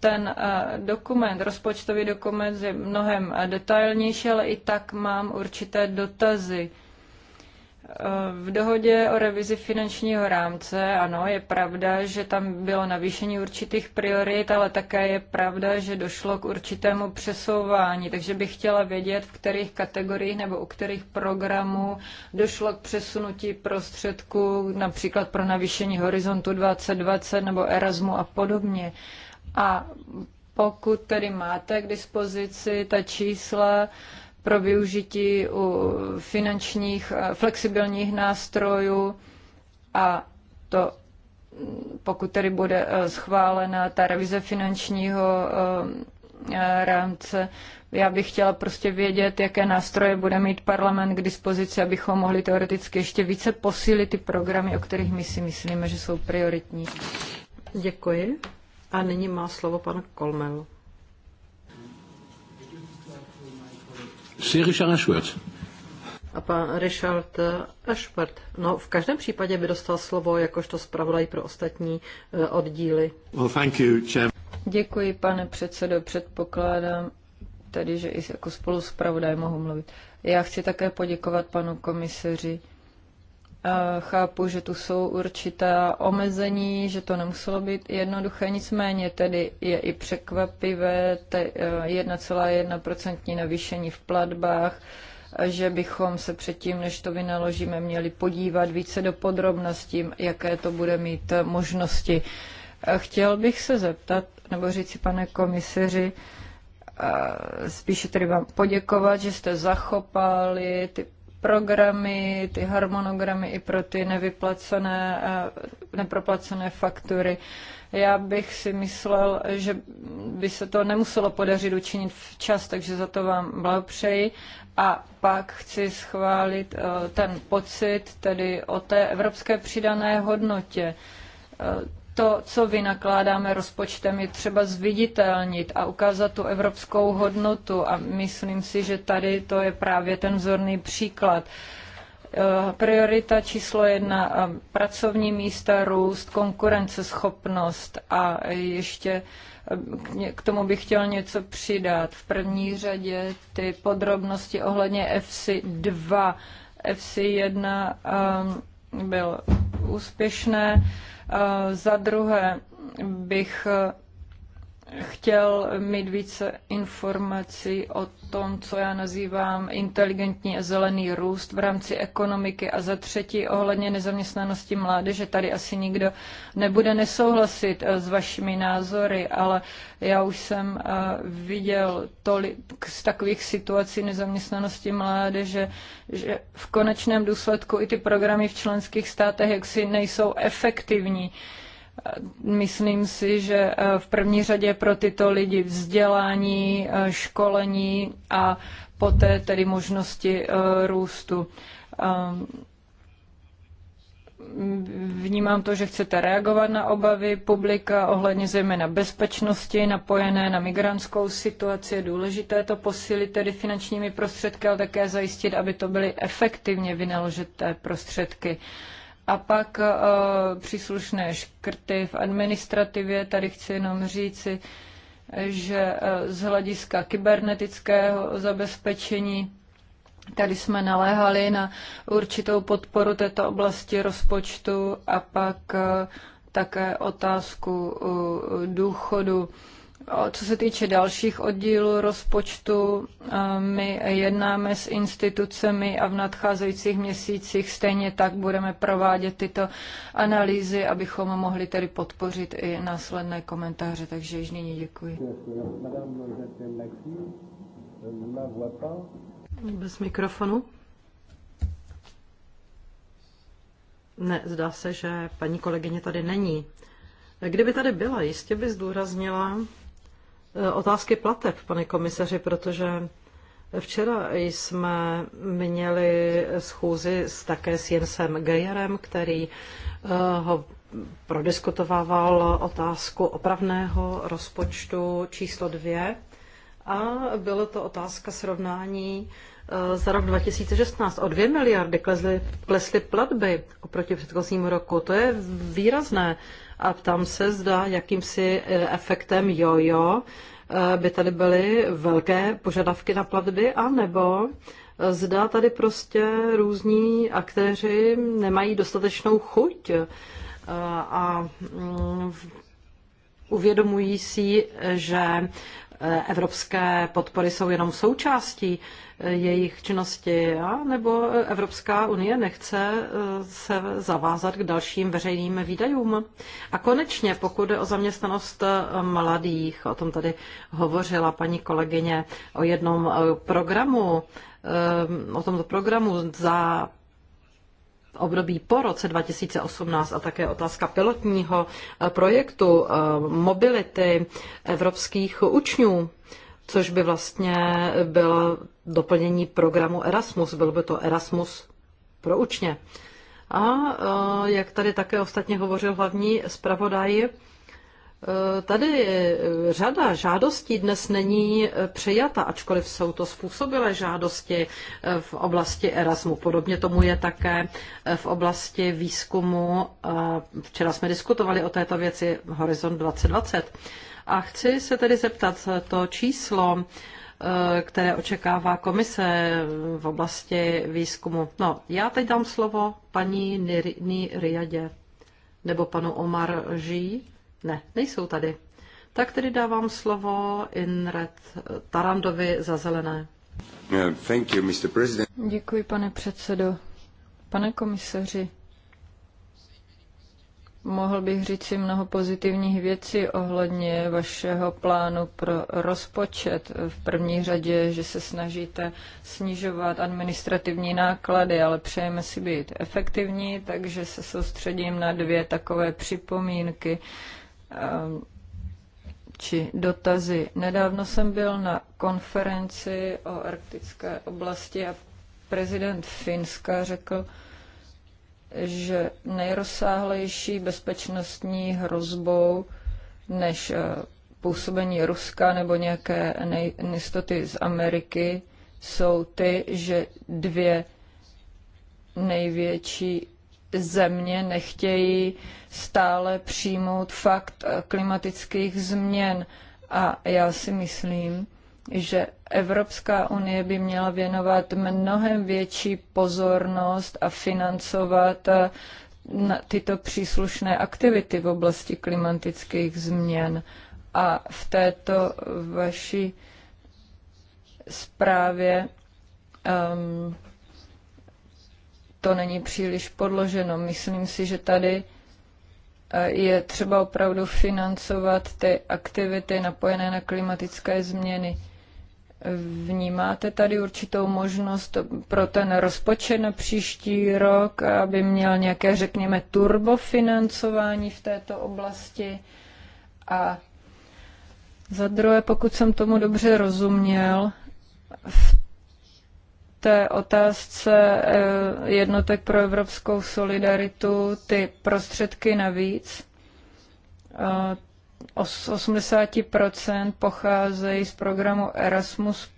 ten dokument, rozpočtový dokument je mnohem detailnější, ale i tak mám určité dotazy. Eh, v dohodě o revizi finančního rámce, ano, je pravda, že tam bylo navýšení určitých priorit, ale také je pravda, že došlo k určitému přesouvání. Takže bych chtěla vědět, v kterých kategoriích nebo u kterých programů došlo k přesunutí prostředků, například pro navýšení Horizontu 2020 nebo Erasmu a podobně. A pokud tedy máte k dispozici ta čísla, pro využití u finančních eh, flexibilních nástrojů a to mm, pokud tedy bude eh, schválena ta revize finančního eh, rámce. Já bych chtěla prostě vědět, jaké nástroje bude mít parlament k dispozici, abychom mohli teoreticky ještě více posílit ty programy, o kterých my si myslíme, že jsou prioritní. Děkuji. A nyní má slovo pan Kolmel. Si Richard Ashworth. A pan Richard Ashworth. No, v každém případě by dostal slovo jakožto zpravodaj pro ostatní eh, oddíly. Well, thank you, Chair. Děkuji, pane předsedo. Předpokládám tedy, že i jako spolu zpravodaj mohu mluvit. Já chci také poděkovat panu komisaři Eh, chápu, že tu jsou určitá omezení, že to nemuselo být jednoduché, nicméně tedy je i překvapivé 1,1% eh, navýšení v platbách, že bychom se předtím, než to vynaložíme, měli podívat více do podrobností, jaké to bude mít možnosti. Eh, chtěl bych se zeptat, nebo říci, pane komisaři, spíše tedy vám poděkovat, že jste zachopali ty programy, ty harmonogramy i pro ty nevyplacené, eh, neproplacené faktury. Já bych si myslel, že by se to nemuselo podařit učinit včas, takže za to vám blahopřeji. A pak chci schválit eh, ten pocit, tedy o té evropské přidané hodnotě eh, to, co vynakládáme rozpočtem, je třeba zviditelnit a ukázat tu evropskou hodnotu. A myslím si, že tady to je právě ten vzorný příklad. Eh, priorita číslo jedna, eh, pracovní místa, růst, konkurenceschopnost a ještě eh, k tomu bych chtěl něco přidat. V první řadě ty podrobnosti ohledně FC2. FC1 byl úspěšné Eh, za druhé bych eh, chtěl mít více informací o tom, co já nazývám inteligentní a zelený růst v rámci ekonomiky a za třetí ohledně nezaměstnanosti mládeže. Tady asi nikdo nebude nesouhlasit eh, s vašimi názory, ale já už jsem eh, viděl tolik z takových situací nezaměstnanosti mládeže, že v konečném důsledku i ty programy v členských státech jaksi nejsou efektivní. Myslím si, že eh, v první řadě pro tyto lidi vzdělání, eh, školení a poté tedy možnosti eh, růstu. Ehm, vnímám to, že chcete reagovat na obavy publika ohledně zejména bezpečnosti napojené na migrantskou situaci. Je důležité to posílit tedy finančními prostředky, ale také zajistit, aby to byly efektivně vynaložité prostředky. Uh, a pak eh, příslušné škrty v administrativě, tady chci jenom říci, že eh, z hlediska kybernetického zabezpečení Tady jsme naléhali na určitou podporu této oblasti rozpočtu a pak eh, také otázku důchodu co se týče dalších oddílů rozpočtu, my jednáme s institucemi a v nadcházejících měsících stejně tak budeme provádět tyto analýzy, abychom mohli tedy podpořit i následné komentáře. Takže již nyní děkuji. Bez mikrofonu. Ne, zdá se, že paní kolegyně tady není. Kdyby tady byla, jistě by zdůraznila, otázky plateb, pane komisaři, protože včera jsme měli schůzi s, také s Jensem Gejerem, který eh, ho prodiskutovával otázku opravného rozpočtu číslo dvě a byla to otázka srovnání eh, za rok 2016. O 2 miliardy klesly, klesly platby oproti předchozímu roku. To je výrazné a ptám se, zda jakýmsi eh, efektem jojo eh, by tady byly velké požadavky na platby, anebo eh, zda tady prostě různí aktéři nemají dostatečnou chuť a mm, uvědomují si, že evropské podpory jsou jenom součástí eh, jejich činnosti, a nebo Evropská unie nechce eh, se zavázat k dalším veřejným výdajům. A konečně, pokud jde o zaměstnanost eh, mladých, o tom tady hovořila paní kolegyně o jednom programu, o tomto programu za v období po roce 2018 a také otázka pilotního eh, projektu eh, mobility evropských učňů, což by vlastně bylo doplnění programu Erasmus. Byl by to Erasmus pro učně. A eh, jak tady také ostatně hovořil hlavní zpravodaj, Eh, tady eh, řada žádostí dnes není eh, přijata, ačkoliv jsou to způsobilé žádosti v oblasti Erasmu. Podobně tomu je také v oblasti výzkumu. Včera jsme diskutovali o této věci Horizon 2020. A chci se tedy zeptat, to číslo, které očekává komise v oblasti výzkumu. No, já teď dám slovo paní Niriadě nebo panu Omar Ží ne, nejsou tady. Tak tedy dávám slovo inred Tarandovi za zelené. Uh, thank you, Mr. President. Děkuji, pane předsedo. Pane komisaři, mohl bych říct si mnoho pozitivních věcí ohledně vašeho plánu pro rozpočet. V první řadě, že se snažíte snižovat administrativní náklady, ale přejeme si být efektivní, takže se soustředím na dvě takové připomínky. Ehm, či dotazy. Nedávno jsem byl na konferenci o arktické oblasti a prezident Finska řekl, že nejrozsáhlejší bezpečnostní hrozbou než eh, působení Ruska nebo nějaké nejistoty z Ameriky jsou ty, že dvě největší země nechtějí stále přijmout fakt eh, klimatických změn. A já si myslím, že Evropská unie by měla věnovat mnohem větší pozornost a financovat eh, tyto příslušné aktivity v oblasti klimatických změn. A v této vaší zprávě um, to není příliš podloženo. Myslím si, že tady eh, je třeba opravdu financovat ty aktivity napojené na klimatické změny. Vnímáte tady určitou možnost pro ten rozpočet na příští rok, aby měl nějaké, řekněme, turbofinancování v této oblasti? A za druhé, pokud jsem tomu dobře rozuměl, v té otázce eh, jednotek pro evropskou solidaritu ty prostředky navíc. 80% eh, pocházejí z programu Erasmus+.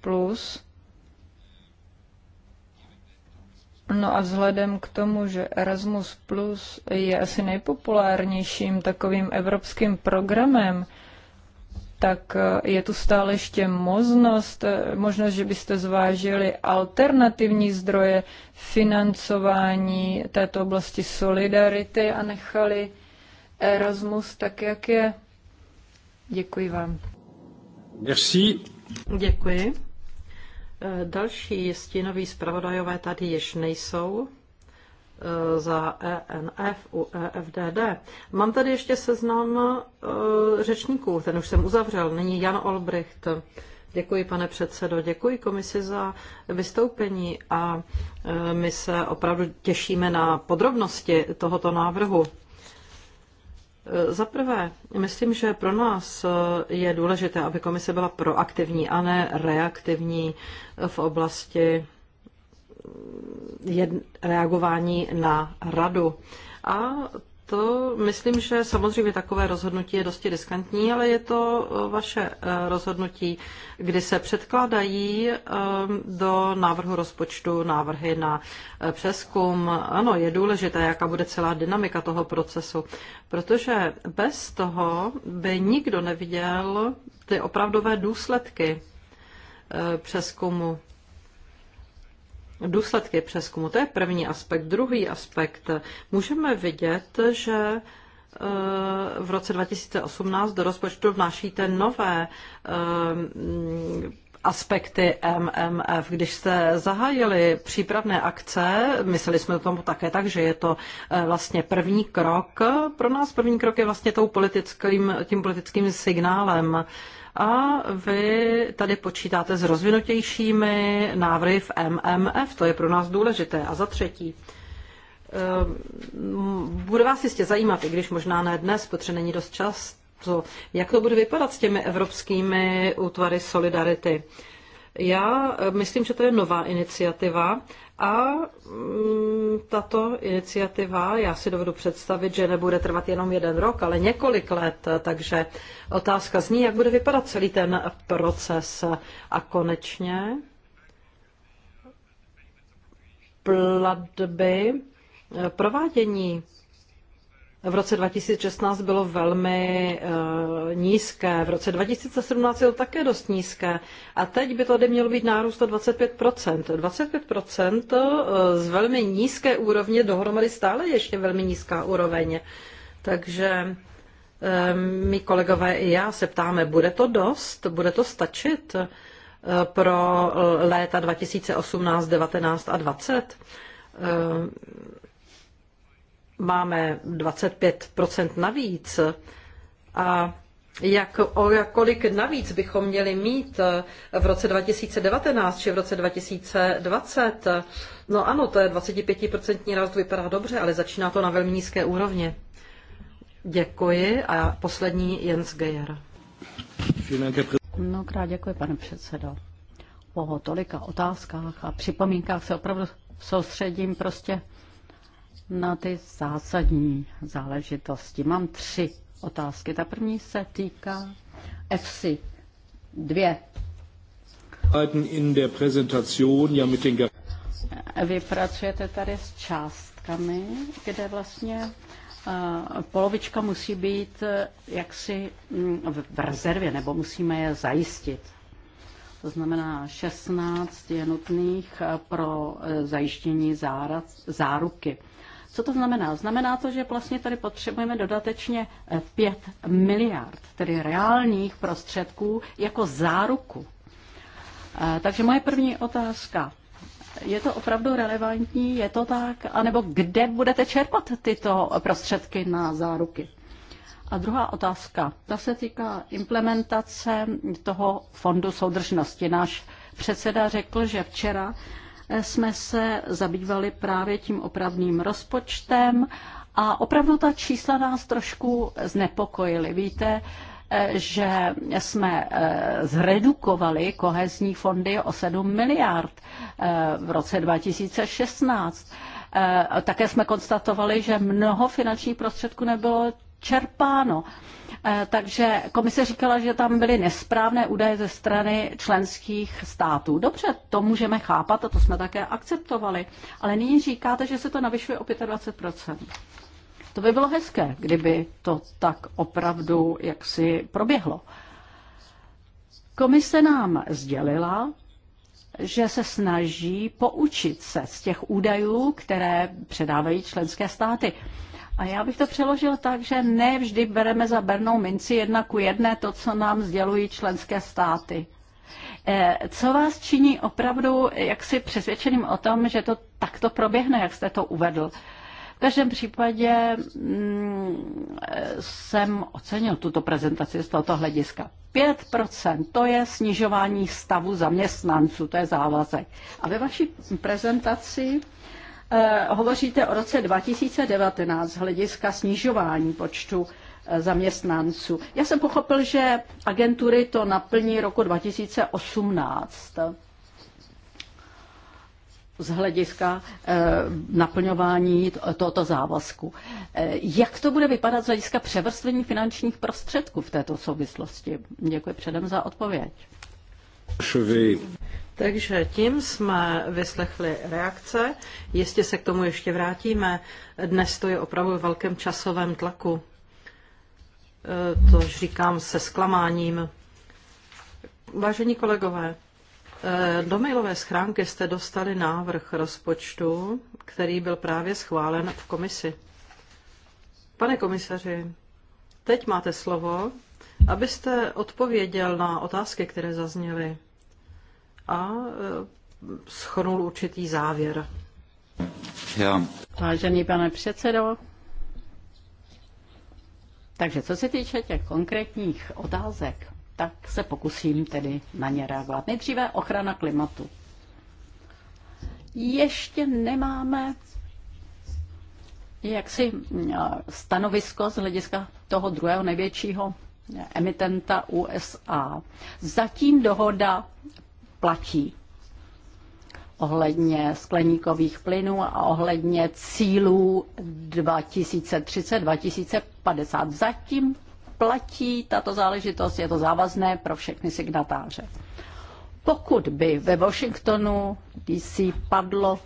No a vzhledem k tomu, že Erasmus Plus je asi nejpopulárnějším takovým evropským programem, tak eh, je tu stále ještě možnost, eh, možnost, že byste zvážili alternativní zdroje financování této oblasti solidarity a nechali Erasmus tak, jak je. Děkuji vám. Merci. Děkuji. Eh, další stínoví zpravodajové tady již nejsou. Eh, za ENF u EFDD. Mám tady ještě seznam eh, řečníků, ten už jsem uzavřel. Není Jan Olbricht. Děkuji, pane předsedo, děkuji komisi za vystoupení a eh, my se opravdu těšíme na podrobnosti tohoto návrhu. Za prvé, myslím, že pro nás je důležité, aby komise byla proaktivní a ne reaktivní v oblasti reagování na radu. A to myslím, že samozřejmě takové rozhodnutí je dosti diskantní, ale je to eh, vaše eh, rozhodnutí, kdy se předkládají eh, do návrhu rozpočtu návrhy na přeskum. Ano, je důležité, jaká bude celá dynamika toho procesu, protože bez toho by nikdo neviděl ty opravdové důsledky přeskumu důsledky přeskumu. To je první aspekt. Druhý aspekt. Můžeme vidět, že eh, v roce 2018 do rozpočtu vnášíte nové eh, aspekty MMF. Když jste zahájili přípravné akce, mysleli jsme o tom také tak, že je to eh, vlastně první krok. Pro nás první krok je vlastně tou politickým, tím politickým signálem a vy tady počítáte s rozvinutějšími návrhy v MMF, to je pro nás důležité. A za třetí, ehm, bude vás jistě zajímat, i když možná ne dnes, protože není dost čas, to, jak to bude vypadat s těmi evropskými útvary solidarity. Já eh, myslím, že to je nová iniciativa a mm, tato iniciativa, já si dovedu představit, že nebude trvat jenom jeden rok, ale několik let, takže otázka zní, jak bude vypadat celý ten proces. A konečně platby, eh, provádění v roce 2016 bylo velmi uh, nízké, v roce 2017 bylo také dost nízké a teď by tady mělo být nárůst o 25%. 25% eh, z velmi nízké úrovně dohromady stále ještě velmi nízká úroveň. Takže um, kolegové i já se ptáme, bude to dost, bude to stačit pro léta 2018, 19 a 20? máme 25% navíc a jak, o kolik navíc bychom měli mít eh, v roce 2019 či v roce 2020? No ano, to je 25% rast vypadá dobře, ale začíná to na velmi nízké úrovni. Děkuji a poslední Jens Geier. Mnohokrát děkuji, pane předsedo. Po tolika otázkách a připomínkách se opravdu soustředím prostě na ty zásadní záležitosti. Mám tři otázky. Ta první se týká FC Dvě. Vy pracujete tady s částkami, kde vlastně eh, polovička musí být eh, jaksi mm, v rezervě, nebo musíme je zajistit. To znamená, 16 je nutných eh, pro zajištění záruky. Co to znamená? Znamená to, že vlastně tady potřebujeme dodatečně 5 eh, miliard, tedy reálních prostředků jako záruku. Eh, takže moje první otázka. Je to opravdu relevantní? Je to tak? A nebo kde budete čerpat tyto prostředky na záruky? A druhá otázka, ta se týká implementace toho fondu soudržnosti. Náš předseda řekl, že včera jsme se zabývali právě tím opravným rozpočtem a opravdu ta čísla nás trošku znepokojily. Víte, eh, že jsme eh, zredukovali kohezní fondy o 7 miliard eh, v roce 2016. Také jsme konstatovali, že mnoho finančních prostředků nebylo čerpáno. Eh, takže komise říkala, že tam byly nesprávné údaje ze strany členských států. Dobře, to můžeme chápat a to jsme také akceptovali. Ale nyní říkáte, že se to navyšuje o 25%. To by bylo hezké, kdyby to tak opravdu jaksi proběhlo. Komise nám sdělila, že se snaží poučit se z těch údajů, které předávají členské státy. A já bych to přeložil tak, že ne vždy bereme za bernou minci jedna ku jedné to, co nám sdělují členské státy. Eh, co vás činí opravdu jaksi přesvědčeným o tom, že to takto proběhne, jak jste to uvedl? V každém případě mm, eh, jsem ocenil tuto prezentaci z tohoto hlediska. 5% to je snižování stavu zaměstnanců, to je závazek. A ve vaší prezentaci Eh, hovoříte o roce 2019 z hlediska snižování počtu eh, zaměstnanců. Já jsem pochopil, že agentury to naplní roku 2018 z hlediska eh, naplňování tohoto závazku. Jak to bude vypadat z hlediska převrstvení finančních prostředků v této souvislosti? Děkuji předem za odpověď. Takže tím jsme vyslechli reakce. Jistě se k tomu ještě vrátíme. Dnes to je opravdu v velkém časovém tlaku. E, to říkám se zklamáním. Vážení kolegové, e, do mailové schránky jste dostali návrh rozpočtu, který byl právě schválen v komisi. Pane komisaři, teď máte slovo abyste odpověděl na otázky, které zazněly a e, schrnul určitý závěr. Já. Vážený pane předsedo, takže co se týče těch konkrétních otázek, tak se pokusím tedy na ně reagovat. Nejdříve ochrana klimatu. Ještě nemáme jaksi stanovisko z hlediska toho druhého největšího emitenta USA. Zatím dohoda platí ohledně skleníkových plynů a ohledně cílů 2030-2050. Zatím platí tato záležitost, je to závazné pro všechny signatáře. Pokud by ve Washingtonu DC padlo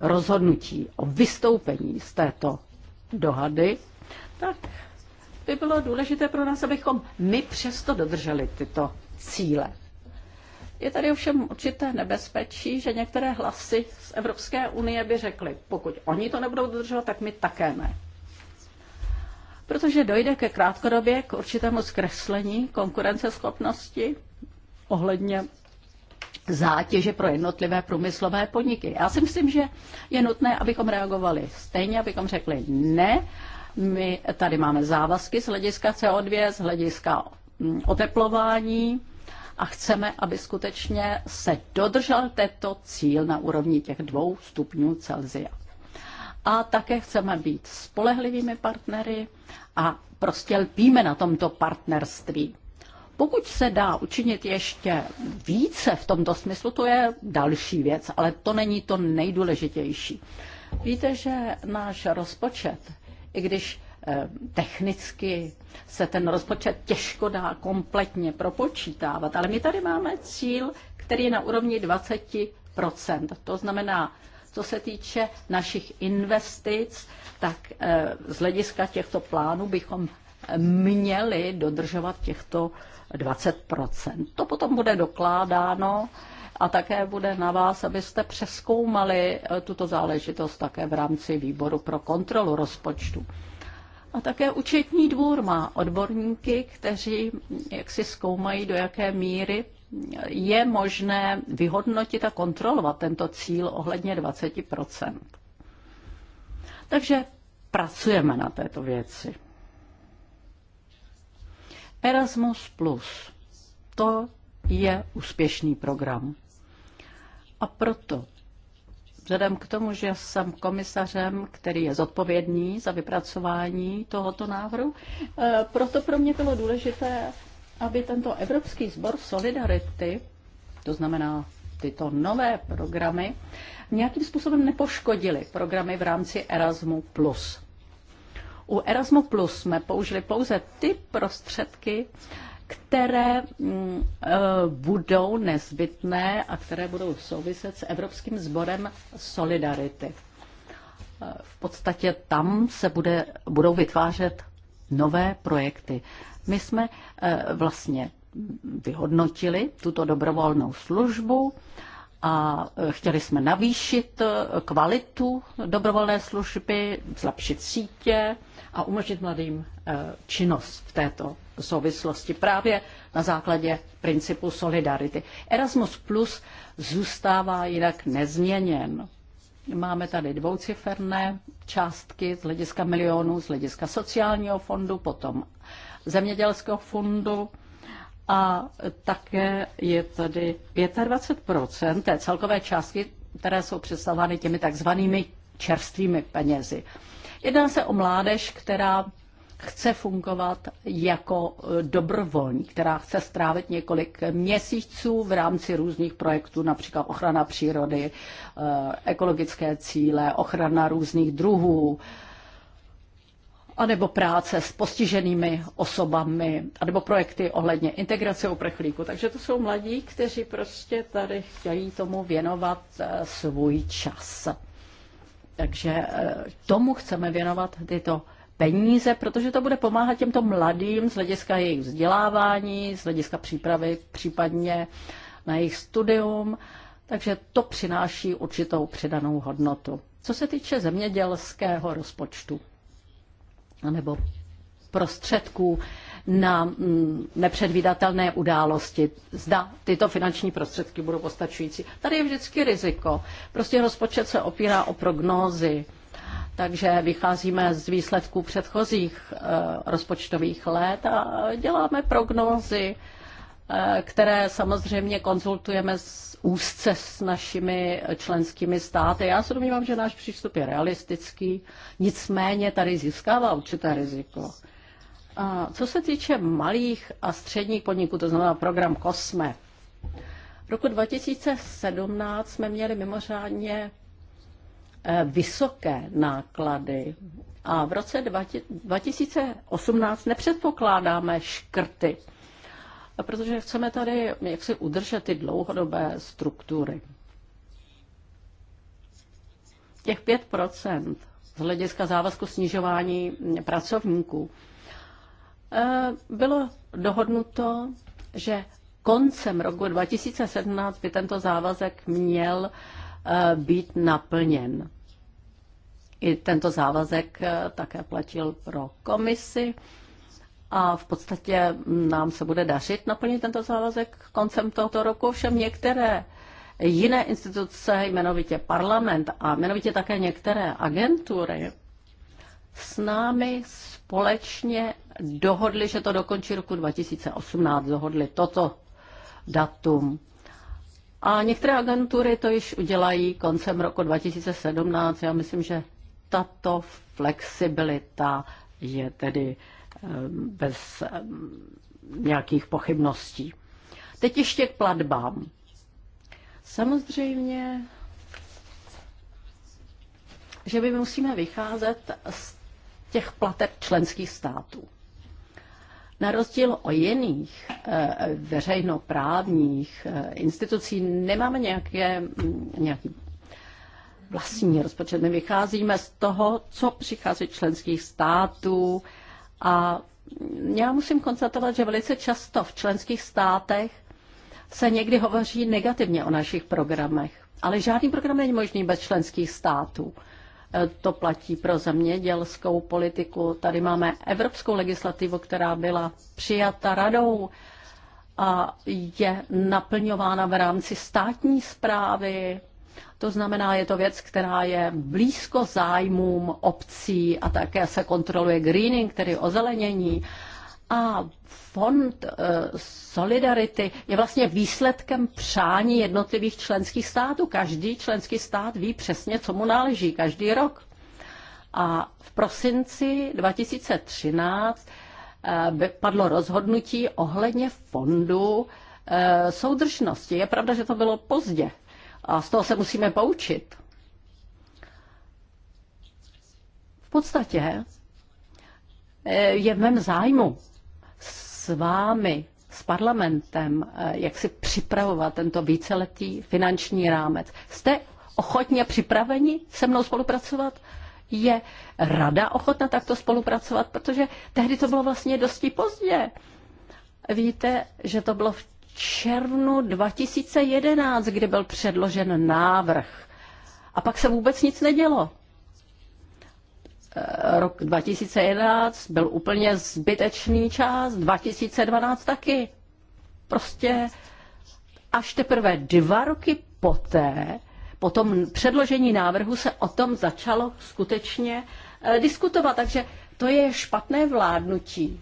rozhodnutí o vystoupení z této dohady, tak by bylo důležité pro nás, abychom my přesto dodrželi tyto cíle. Je tady ovšem určité nebezpečí, že některé hlasy z Evropské unie by řekly, pokud oni to nebudou dodržovat, tak my také ne. Protože dojde ke krátkodobě k určitému zkreslení konkurenceschopnosti ohledně zátěže pro jednotlivé průmyslové podniky. Já si myslím, že je nutné, abychom reagovali stejně, abychom řekli ne my tady máme závazky z hlediska CO2, z hlediska mm, oteplování a chceme, aby skutečně se dodržel tento cíl na úrovni těch dvou stupňů Celsia. A také chceme být spolehlivými partnery a prostě lpíme na tomto partnerství. Pokud se dá učinit ještě více v tomto smyslu, to je další věc, ale to není to nejdůležitější. Víte, že náš rozpočet i když eh, technicky se ten rozpočet těžko dá kompletně propočítávat, ale my tady máme cíl, který je na úrovni 20%. To znamená, co se týče našich investic, tak eh, z hlediska těchto plánů bychom eh, měli dodržovat těchto 20 To potom bude dokládáno a také bude na vás, abyste přeskoumali e, tuto záležitost také v rámci výboru pro kontrolu rozpočtu. A také účetní dvůr má odborníky, kteří mm, jak si zkoumají, do jaké míry je možné vyhodnotit a kontrolovat tento cíl ohledně 20 Takže pracujeme na této věci. Erasmus Plus. To je úspěšný program. A proto, vzhledem k tomu, že jsem komisařem, který je zodpovědný za vypracování tohoto návrhu, eh, proto pro mě bylo důležité, aby tento Evropský sbor Solidarity, to znamená tyto nové programy, nějakým způsobem nepoškodily programy v rámci Erasmu+. U Erasmu jsme použili pouze ty prostředky, které mm, eh, budou nezbytné a které budou souviset s Evropským sborem Solidarity. Eh, v podstatě tam se bude, budou vytvářet nové projekty. My jsme eh, vlastně vyhodnotili tuto dobrovolnou službu a chtěli jsme navýšit kvalitu dobrovolné služby, zlepšit sítě a umožnit mladým činnost v této souvislosti právě na základě principu solidarity. Erasmus Plus zůstává jinak nezměněn. Máme tady dvouciferné částky z hlediska milionů, z hlediska sociálního fondu, potom zemědělského fondu a také je tady 25 té celkové částky, které jsou představovány těmi takzvanými čerstvými penězi. Jedná se o mládež, která chce fungovat jako eh, dobrovolní, která chce strávit několik měsíců v rámci různých projektů, například ochrana přírody, eh, ekologické cíle, ochrana různých druhů, anebo práce s postiženými osobami, anebo projekty ohledně integrace uprchlíků. Takže to jsou mladí, kteří prostě tady chtějí tomu věnovat eh, svůj čas. Takže tomu chceme věnovat tyto peníze, protože to bude pomáhat těmto mladým z hlediska jejich vzdělávání, z hlediska přípravy případně na jejich studium, takže to přináší určitou přidanou hodnotu. Co se týče zemědělského rozpočtu nebo prostředků na mm, nepředvídatelné události, zda tyto finanční prostředky budou postačující. Tady je vždycky riziko. Prostě rozpočet se opírá o prognózy takže vycházíme z výsledků předchozích eh, rozpočtových let a děláme prognózy, eh, které samozřejmě konzultujeme s úzce s našimi členskými státy. Já se domnívám, že náš přístup je realistický, nicméně tady získává určité riziko. A co se týče malých a středních podniků, to znamená program COSME, v roku 2017 jsme měli mimořádně Eh, vysoké náklady a v roce 2018 nepředpokládáme škrty, protože chceme tady jak si udržet ty dlouhodobé struktury. Těch 5 z hlediska závazku snižování pracovníků eh, bylo dohodnuto, že koncem roku 2017 by tento závazek měl eh, být naplněn i tento závazek eh, také platil pro komisi a v podstatě nám se bude dařit naplnit tento závazek koncem tohoto roku, všem některé jiné instituce, jmenovitě parlament a jmenovitě také některé agentury, s námi společně dohodli, že to dokončí roku 2018, dohodli toto datum. A některé agentury to již udělají koncem roku 2017. Já myslím, že tato flexibilita je tedy eh, bez eh, nějakých pochybností. Teď ještě k platbám. Samozřejmě, že my musíme vycházet z těch plateb členských států. Na rozdíl o jiných eh, veřejnoprávních institucí nemáme nějaké, mm, nějaký vlastní rozpočet. My vycházíme z toho, co přichází členských států a já musím konstatovat, že velice často v členských státech se někdy hovoří negativně o našich programech. Ale žádný program není možný bez členských států. E, to platí pro zemědělskou politiku. Tady máme evropskou legislativu, která byla přijata radou a je naplňována v rámci státní zprávy, to znamená, je to věc, která je blízko zájmům obcí a také se kontroluje greening, tedy ozelenění. A fond eh, Solidarity je vlastně výsledkem přání jednotlivých členských států. Každý členský stát ví přesně, co mu náleží každý rok. A v prosinci 2013 eh, padlo rozhodnutí ohledně fondu eh, soudržnosti. Je pravda, že to bylo pozdě a z toho se musíme poučit. V podstatě eh, je v mém zájmu s vámi, s parlamentem, eh, jak si připravovat tento víceletý finanční rámec. Jste ochotně připraveni se mnou spolupracovat? Je rada ochotna takto spolupracovat? Protože tehdy to bylo vlastně dosti pozdě. Víte, že to bylo v červnu 2011, kdy byl předložen návrh. A pak se vůbec nic nedělo. Eh, rok 2011 byl úplně zbytečný čas, 2012 taky. Prostě až teprve dva roky poté, po tom předložení návrhu se o tom začalo skutečně eh, diskutovat. Takže to je špatné vládnutí.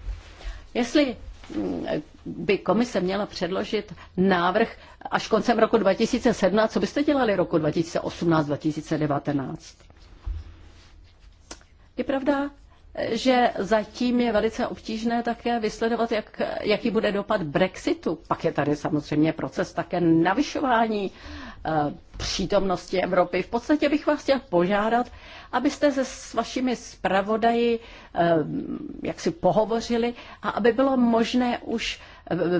Jestli mm, by komise měla předložit návrh až koncem roku 2017. Co byste dělali roku 2018-2019? Je pravda, že zatím je velice obtížné také vysledovat, jak, jaký bude dopad Brexitu. Pak je tady samozřejmě proces také navyšování eh, přítomnosti Evropy. V podstatě bych vás chtěl požádat, abyste se s vašimi zpravodaji eh, jaksi jak si pohovořili a aby bylo možné už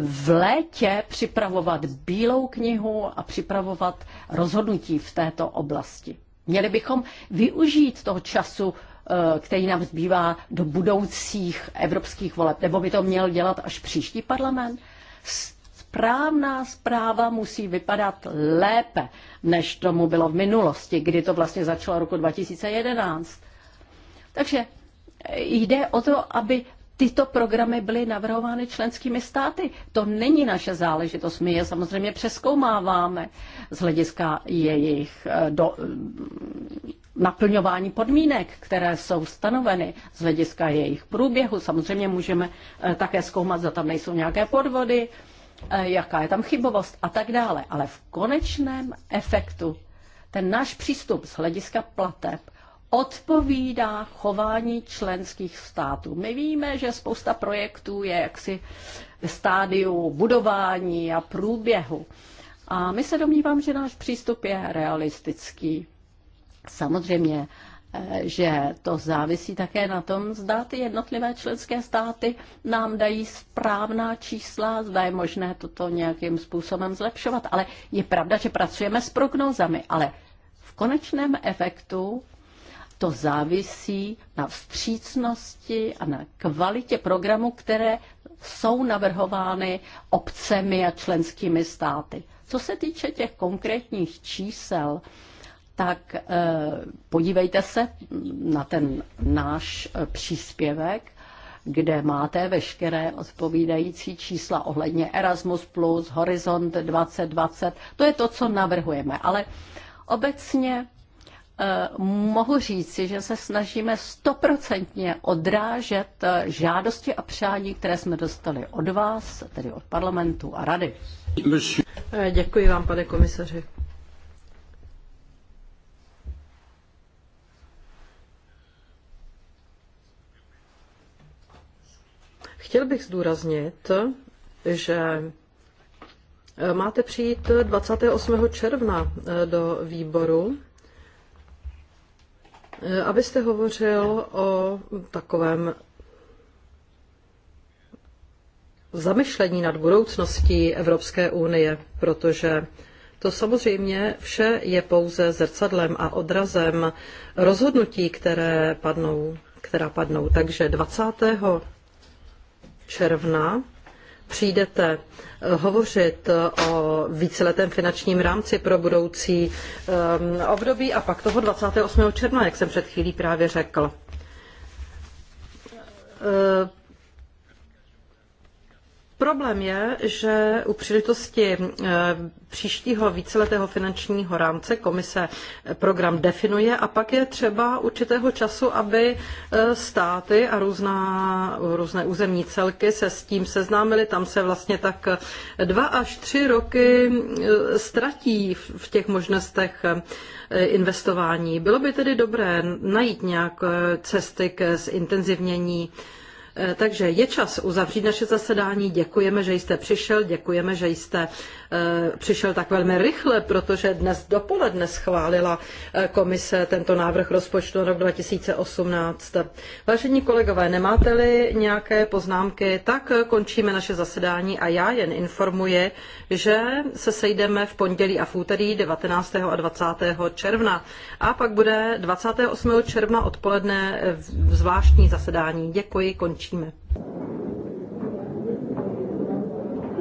v létě připravovat bílou knihu a připravovat rozhodnutí v této oblasti. Měli bychom využít toho času, eh, který nám zbývá do budoucích evropských voleb, nebo by to měl dělat až příští parlament? Správná zpráva musí vypadat lépe, než tomu bylo v minulosti, kdy to vlastně začalo roku 2011. Takže jde o to, aby tyto programy byly navrhovány členskými státy. To není naše záležitost. My je samozřejmě přeskoumáváme z hlediska jejich eh, do, eh, naplňování podmínek, které jsou stanoveny z hlediska jejich průběhu. Samozřejmě můžeme eh, také zkoumat, zda tam nejsou nějaké podvody, jaká je tam chybovost a tak dále. Ale v konečném efektu ten náš přístup z hlediska plateb odpovídá chování členských států. My víme, že spousta projektů je jaksi v stádiu budování a průběhu. A my se domnívám, že náš přístup je realistický. Samozřejmě, eh, že to závisí také na tom, zda ty jednotlivé členské státy nám dají správná čísla, zda je možné toto nějakým způsobem zlepšovat. Ale je pravda, že pracujeme s prognózami, ale v konečném efektu to závisí na vstřícnosti a na kvalitě programů, které jsou navrhovány obcemi a členskými státy. Co se týče těch konkrétních čísel, tak eh, podívejte se na ten náš eh, příspěvek, kde máte veškeré odpovídající čísla ohledně Erasmus+, Horizont 2020. To je to, co navrhujeme. Ale obecně Eh, mohu říci, že se snažíme stoprocentně odrážet eh, žádosti a přání, které jsme dostali od vás, tedy od parlamentu a rady. Eh, děkuji vám, pane komisaři. Chtěl bych zdůraznit, že máte přijít 28. června do výboru Eh, abyste hovořil o takovém zamyšlení nad budoucností Evropské unie, protože to samozřejmě vše je pouze zrcadlem a odrazem rozhodnutí, které padnou, která padnou. Takže 20. června přijdete eh, hovořit eh, o víceletém finančním rámci pro budoucí eh, období a pak toho 28. června, jak jsem před chvílí právě řekl Problém je, že u příležitosti eh, příštího víceletého finančního rámce komise eh, program definuje a pak je třeba určitého času, aby eh, státy a různá, různé územní celky se s tím seznámily. Tam se vlastně tak dva až tři roky ztratí v těch možnostech investování. Bylo by tedy dobré najít nějak cesty k zintenzivnění Eh, takže je čas uzavřít naše zasedání. Děkujeme, že jste přišel, děkujeme, že jste eh, přišel tak velmi rychle, protože dnes dopoledne schválila eh, komise tento návrh rozpočtu rok 2018. Vážení kolegové, nemáte-li nějaké poznámky, tak končíme naše zasedání a já jen informuji, že se sejdeme v pondělí a v úterý 19. a 20. června a pak bude 28. června odpoledne zvláštní zasedání. Děkuji, končí ukončíme.